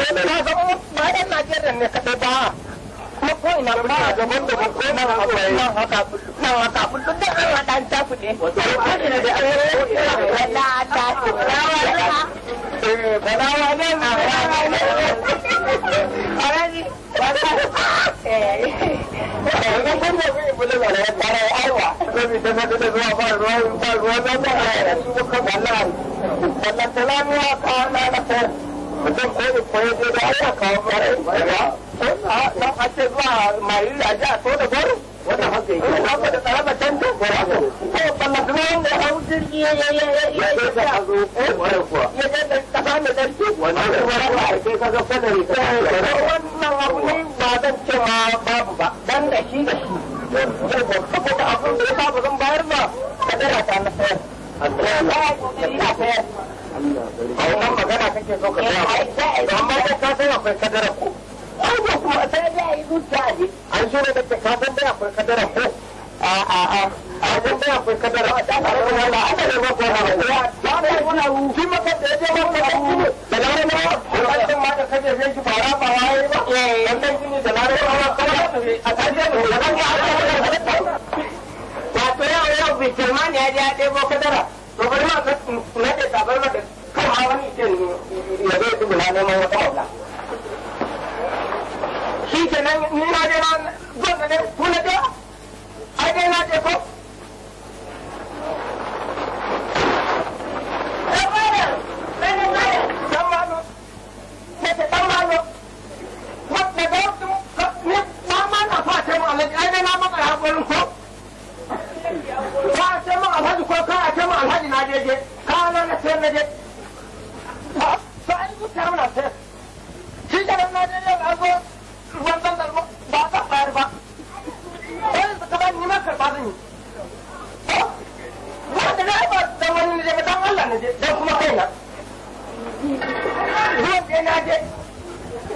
Speaker 3: jama'a daban daban ko haka haka da Allah dan ta ku ne ne da ta eh bana ne eh bi bula da ya fara aiwa sai da da zuwa fara da mutum ko ko ya zo da a ce zuwa mai a ji a wannan haka yake ko da ba ne zan bayar a wannan magana kake so ka gaya ba amma da ka san akwai kadara ko ai da kuma sai da yi zuciya ne an ka san da akwai kadara ko a a a a san da akwai kuma Allah Allah ne maka wannan ya da kuna ru shi maka da je maka ru da lare ma wannan ma da kaje sai shi fara ba wai ba wannan a taje da lare to yau yau bai jamani ya je ya ɗebo kadara to bari ma ka nade tabar ma da kan ma wani ya neman wata shi ni na je ma ne ku na je ai dai na ko ka ce min alhaji ko ka ce min alhaji na je ka na na ce na je to ai mu ta na ce shi ke nan na je ne an zo ruwan zanzan ba ta bayar ba wani su kaba ni ma karɓa zan yi wanda na ba da wani na je ba dan Allah na je dan kuma kaina ruwan da na je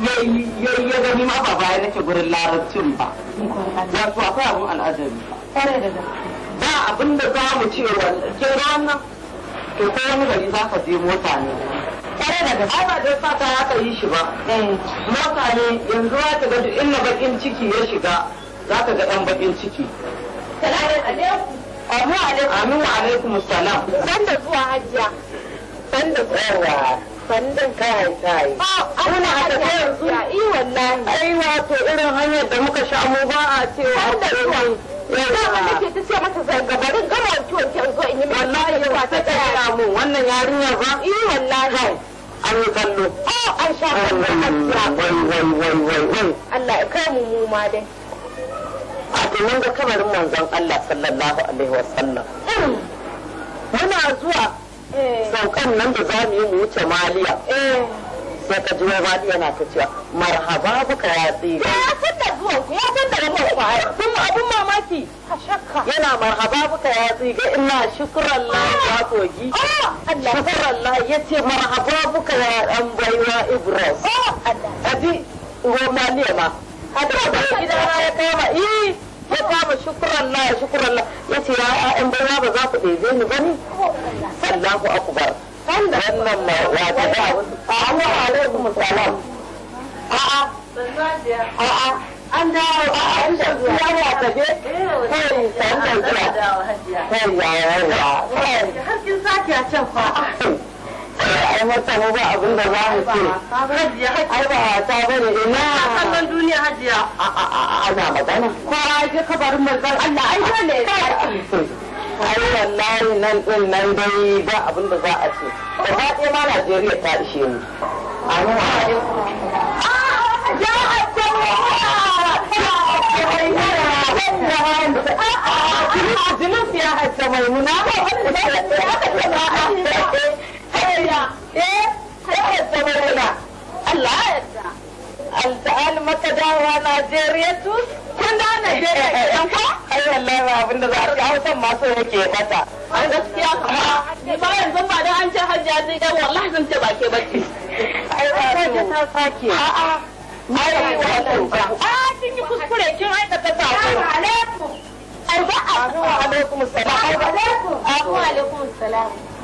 Speaker 3: ya gani ma ba baya nake gurin larabcin ba Ya wato akwai abin al'ajabi ba abin da za mu ce wa ke ranar wannan to ko wani gari za ka je mota ne ai ba da sa ta haka yi shi ba mota ne yanzu za ta ga duk inda bakin ciki ya shiga za ka ga yan bakin ciki Amin wa alaikum salam. Sanda zuwa hajiya. Sanda zuwa. sandan kayan kayi. Muna a tafiya yanzu. Ai wallahi. Ai wato irin hanyar da muka sha mu ba a cewa a kullum. Yawa. nake ta ce mata zangabarin gama wanke wanke zo in yi mai wallahi yawa ta tsaya mu wannan yarinyar ba. Ai wallahi. An yi kallo. Oh an sha kallo an sha. Wai wai wai wai wai. Allah ya kai mu mu ma dai. A domin ga kamarin manzon Allah sallallahu alaihi wa sallam. Hmm. Muna zuwa Eh. saukan nan da za mu yi mu wuce maliya eh. sai ka jiwa maliya na ta cewa marhaba buka ya tsira ya san da zuwa ku ya san da rabon ku ai kun abun mamaki a shakka yana marhaba buka ya tsira ina shukran la ah! ya kogi ah! shukran la ce marhaba buka ya dan baiwa ah! a ji ruwan maliya ma hada da gidana ya kama iya ya kama shukuran la shukuran la ya ce ya ƴaƴan bana ba za ku ɗebe ni ba ne sallahu akbar wannan ma wa ta da Allah alaikum salam a'a a'a an dawo a an da ya wa ta je kai san da zuwa kai ya ya ya har kin sake a can fa ai mata mu ba abin da za mu ce hajiya hajiya ba wata bane ina kallon duniya hajiya ana magana ko ai je kabarin manzon Allah ai dole ya ai wallahi nan din nan dai ba abin da za a ce da ba ɗaya ma Najeriya ta ishe mu amma ya aiko Jinin siya hatta maimuna ta wanda ya hatta ba ba eh, ya yadda murna Allah ya yadda al'al maka dawowa Najeriya tu kun da Najeriya kenan ko ai wallahi ba abin da za a ci Hausan ma so yake fata an gaskiya kama ni ba yanzu ba dan an ce hajjia zai dan wallahi zan ce bake bace ai wato ta sake A'a, a ai wato a kin yi kuskure kin aikata ta ko alaikum arba'a alaikum salam alaikum alaikum salam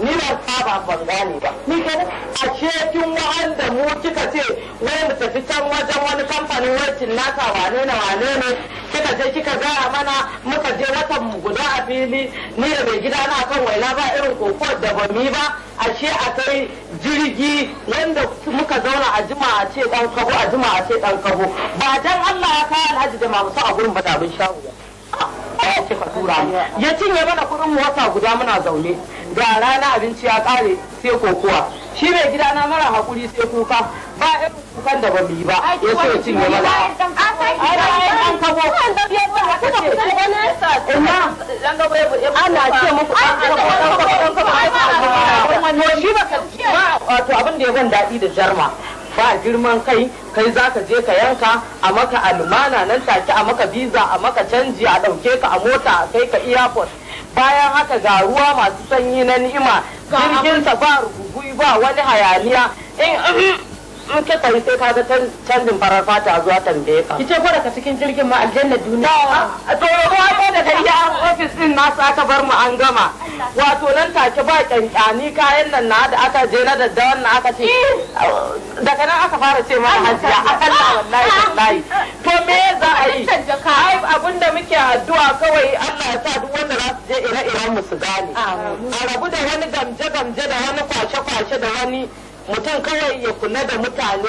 Speaker 3: ni na saba ban gane ba ni a cikin wanda mu kika ce wai mu tafi can wajen wani kamfanin workin nasa wane na wane ne kika je kika gaya mana muka je watan mu guda a fili ni da bai gida na kan waina ba irin koko da ba mi ba a a kai jirgi wanda muka zauna a jima a ce dan kabo a jima a ce dan kabo ba dan Allah ya kawo alhaji da mamusa a gurin ba da bin shawo ɗaya tura ya cinye mana kuɗin wata guda muna zaune ga rana abinci ya kare sai kokuwa shi mai gida na mara hakuri sai kuka ba irin kukan da ba ba ya ya cinye mana an kabo ina ana ce muku ɗan kabo ɗan kabo ɗan kabo ɗan kabo ɗan kabo ɗan ɗan kai za ka je ka yanka a maka almana nan take a maka visa a maka canji a ɗauke ka a mota a kai ka airport bayan haka ga ruwa masu sanyi na ni'ima jirginsa ba rugugu ba wani hayaniya in ka tayi sai ka ga canjin farar fata zuwa tambaye ka. Kice ko daga cikin jirgin ma aljanna duniya. Ah, ah, a tsoro ko ko daga gida ofis din nasu aka bar mu an gama. Wato nan take ba kyankyani kayan nan na da aka je na daddawan wannan aka ce. Daga nan aka fara ce mana hajiya akalla wallahi ah! wallahi. To me za a yi? Ai abinda muke addu'a kawai Allah ya sa duk wanda za su je ire-iren mu su gane. A rabu da wani gamje-gamje da wani kwashe-kwashe da wani mutum kawai ya kula da mutane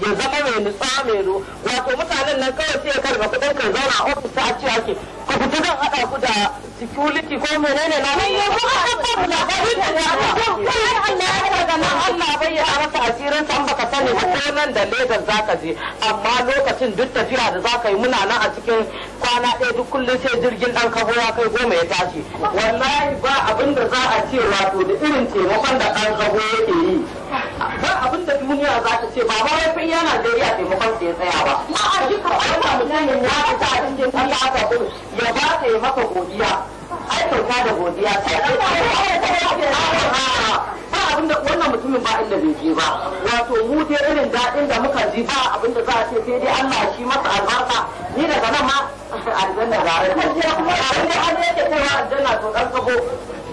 Speaker 3: ya zama mai nutsa mai ru wato mutanen nan kawai sai ya karba kuɗin kan zauna a ofis ta ce ake ku fita zan hada ku da security ko menene na mai yanzu a mu da bari da ya ba kai Allah ya ka nan Allah bai ya masa asirin san baka sani ba ko nan da Lagos zaka je amma lokacin duk tafiya da zaka yi muna nan a cikin kwana ɗaya duk kullum sai jirgin ɗan kabo ya kai goma ya tashi wallahi ba abin da za a ce wato da irin taimakon da ɗan kabo yake yi ba abin da duniya za ta ce ba ba wai fa iya Najeriya taimakon ya tsaya ba ma a shi ka ba mutumin ya fita a cikin Allah ka gudu ya ba ka yi maka godiya ai kyauta da godiya ba abin da wannan mutumin ba inda bai je ba wato mu dai irin daɗin da muka ji ba abin da za a ce sai dai Allah shi masa albarka ni daga nan ma aljanna ba a kuma abin da an yake kai aljanna to dan kabo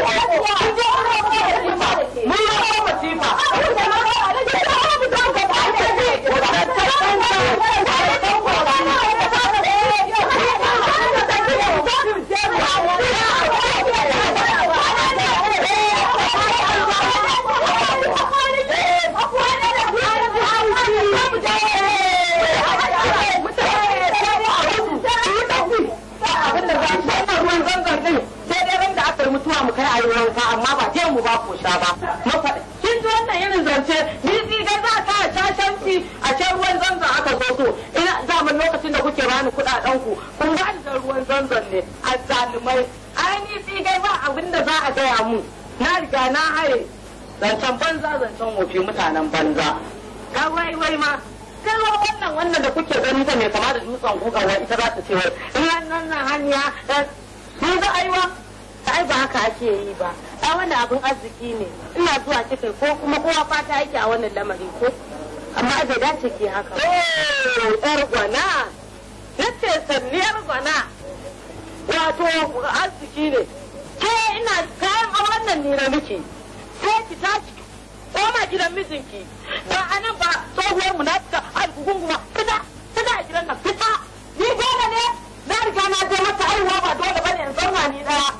Speaker 3: abin da za a ruwan zanzan ɗin aka mutuwa mu kai a yi wanka amma ba je mu ba ko sha ba mafaɗi kin ji wannan irin zance didi ga za ta shashanci a can ruwan zanzan aka zo to ina za mu lokacin da kuke bani kuɗaɗen ku kun ba da ruwan zanzan ne a zalimai ai ni ga ba abin da za a gaya mu na riga na haye zancen banza zancen wofi mutanen banza ka wai wai ma kalwa wannan wannan da kuke gani ta mai kama da dutsen kokawa ita za ta ce wai in nan nan hanya eh, ni za a yi wa haka ake yi ba a wannan abin arziki ne ina zuwa kika ko kuma kowa fata yake a wannan lamari ko amma zai dace ke haka oh yar gwana nace sanniyar gwana wato arziki ne ke ina kayan a wannan nira miki sai ki tashi koma gidan mijinki ba a nan ba tsohuwar mu na fita algugun kuma fita fita a gidan nan fita ni gona ne na riga na je mata aiwa ba dole bane in zauna ni daya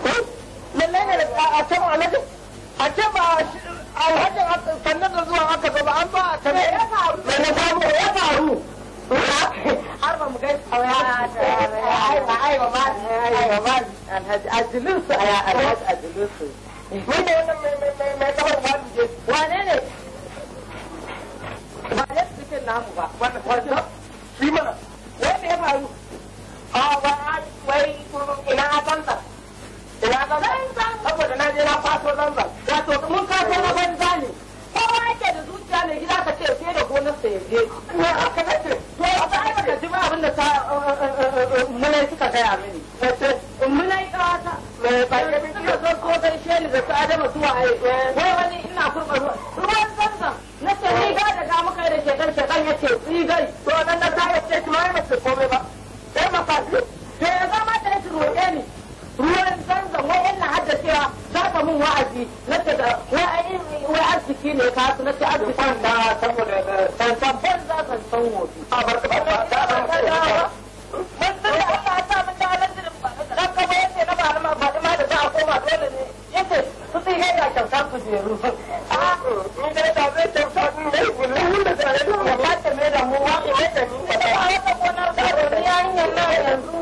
Speaker 3: lallai ne a can alhaji a ce ba alhajin sannan da zuwa aka zaba an ba a can me ya faru me na faru ya faru har ba mu gai aiwa aiwa ba aiwa ba alhaji ajilinsu aya alhaji ajilinsu ni ne wannan mai kamar wani je wane ne ba ne cikin namu ba wannan wannan shi mana wanda ya faru a ba wai ina atansa ina ka saboda na je na kwaso zanzan wato mun kwaso na banza ne kowa yake da zuciya ne gida ka ce sai da gonar sa yaje ka ce to ba ka ka ji ba abin da ta eh, eh, eh, munai suka gaya mini munai kawata mai bayyana bin kiyo zan ko gaishe ni da su adama zuwa ai wai wani ina kurba ruwan zanzan na ce ni ga daga muka da shekar shekar ya ce tsigai to nan na ta yace ki mai mace komai ba sai mafasi sai ya zama ta yace roƙe ni ruwan zanzan wai ina hada za ka mun wa'azi na ta da wai arziki ne ka su na ce ne da saboda san eh, san ban za san san wofi a bar ba ta da ba mun da Allah ya sa na da alandin ba dan yace na ba ma Fatima da za a koma dole ne yace su sai ga da kyauta ku jeru a mun ah, da ta zai kyauta mun dai kullun da tare da mu ba ta mai da mu wa'i mai da ni ba ta wata gonar da ni yarinyar na yanzu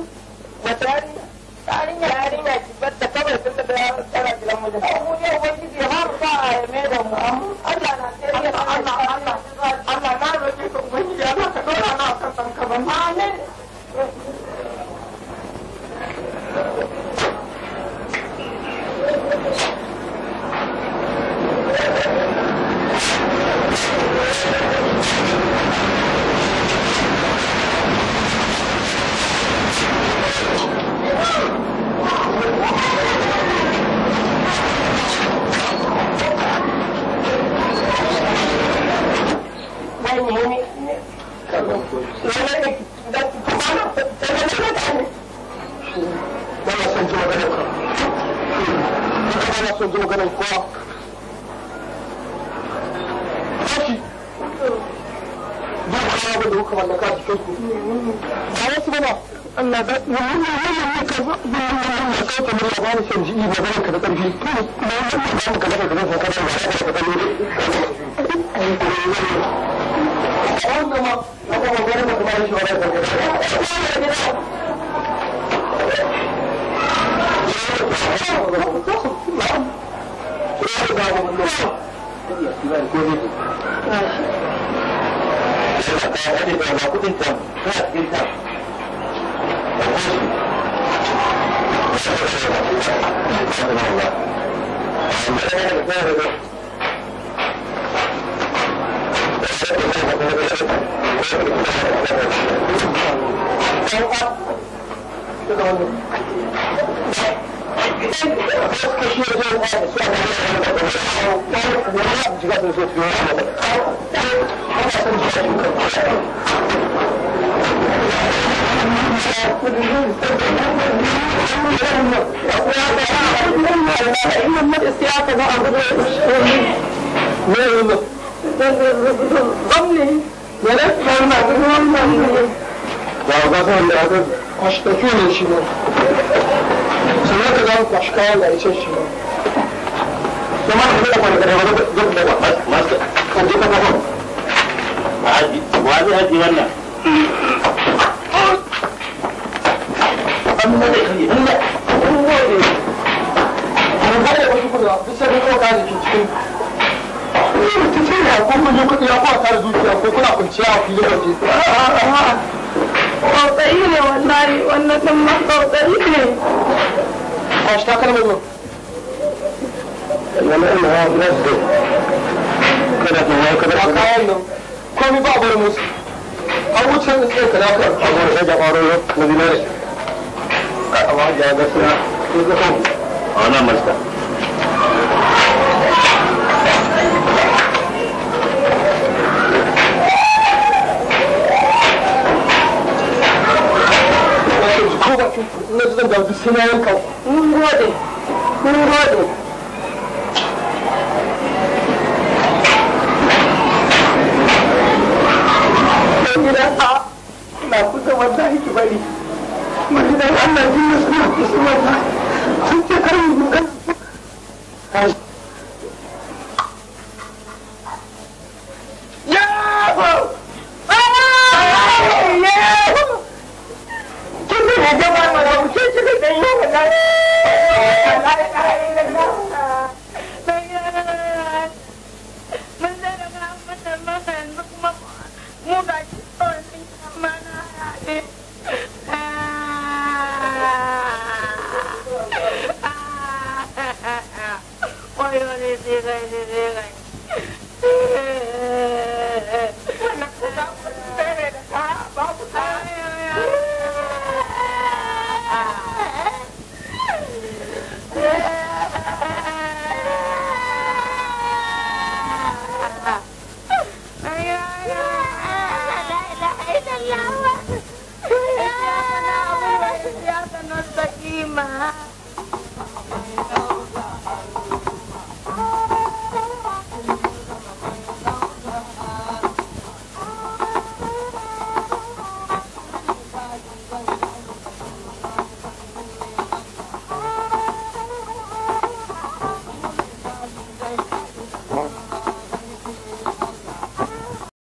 Speaker 3: wata yarinya yarinya yarinya ki batta kawai tun da tsara gidan mijin mu ne ubangiji ya fara sa a yame da mu Allah na sai Allah Allah Allah Allah na roƙe ka ubangiji ya ka dora na kan san ka
Speaker 1: akwai menene da kuma
Speaker 3: da da
Speaker 2: son ji maganar kowa tashi
Speaker 3: duk da kuka mallaka a cikin ku ba wasu ba Allah da wannan wannan ka wannan
Speaker 1: ka ta mun ba ni san ji ba ba ka da karfi to ba wannan ba ka da karfi ka da ka da ka da wanda ma na kuma gani ba kuma Thank you.
Speaker 3: abin kwashtaki ne shi ne sannan ka zama kwashkawa da ita ne kuma
Speaker 2: da kuma da da kuma da kuma masu kan duka kafa ba haji ba zai haji
Speaker 3: wannan an da kai inda an wasu kuma duk sai ka kawo kaji cikin Kuka je kuɗi ya kuwa tare zuciya ko kuna kwanciya a filin waje. قوطيني والله وانا ثم قوطيني اشتاق منه
Speaker 2: انما انها نزل كانت مواكبة
Speaker 3: وقعنا كم بعض المسلم اول شيء نسيت انا اكثر اول شيء قالوا لك مدينه اواجه
Speaker 2: بس انا مجد
Speaker 3: America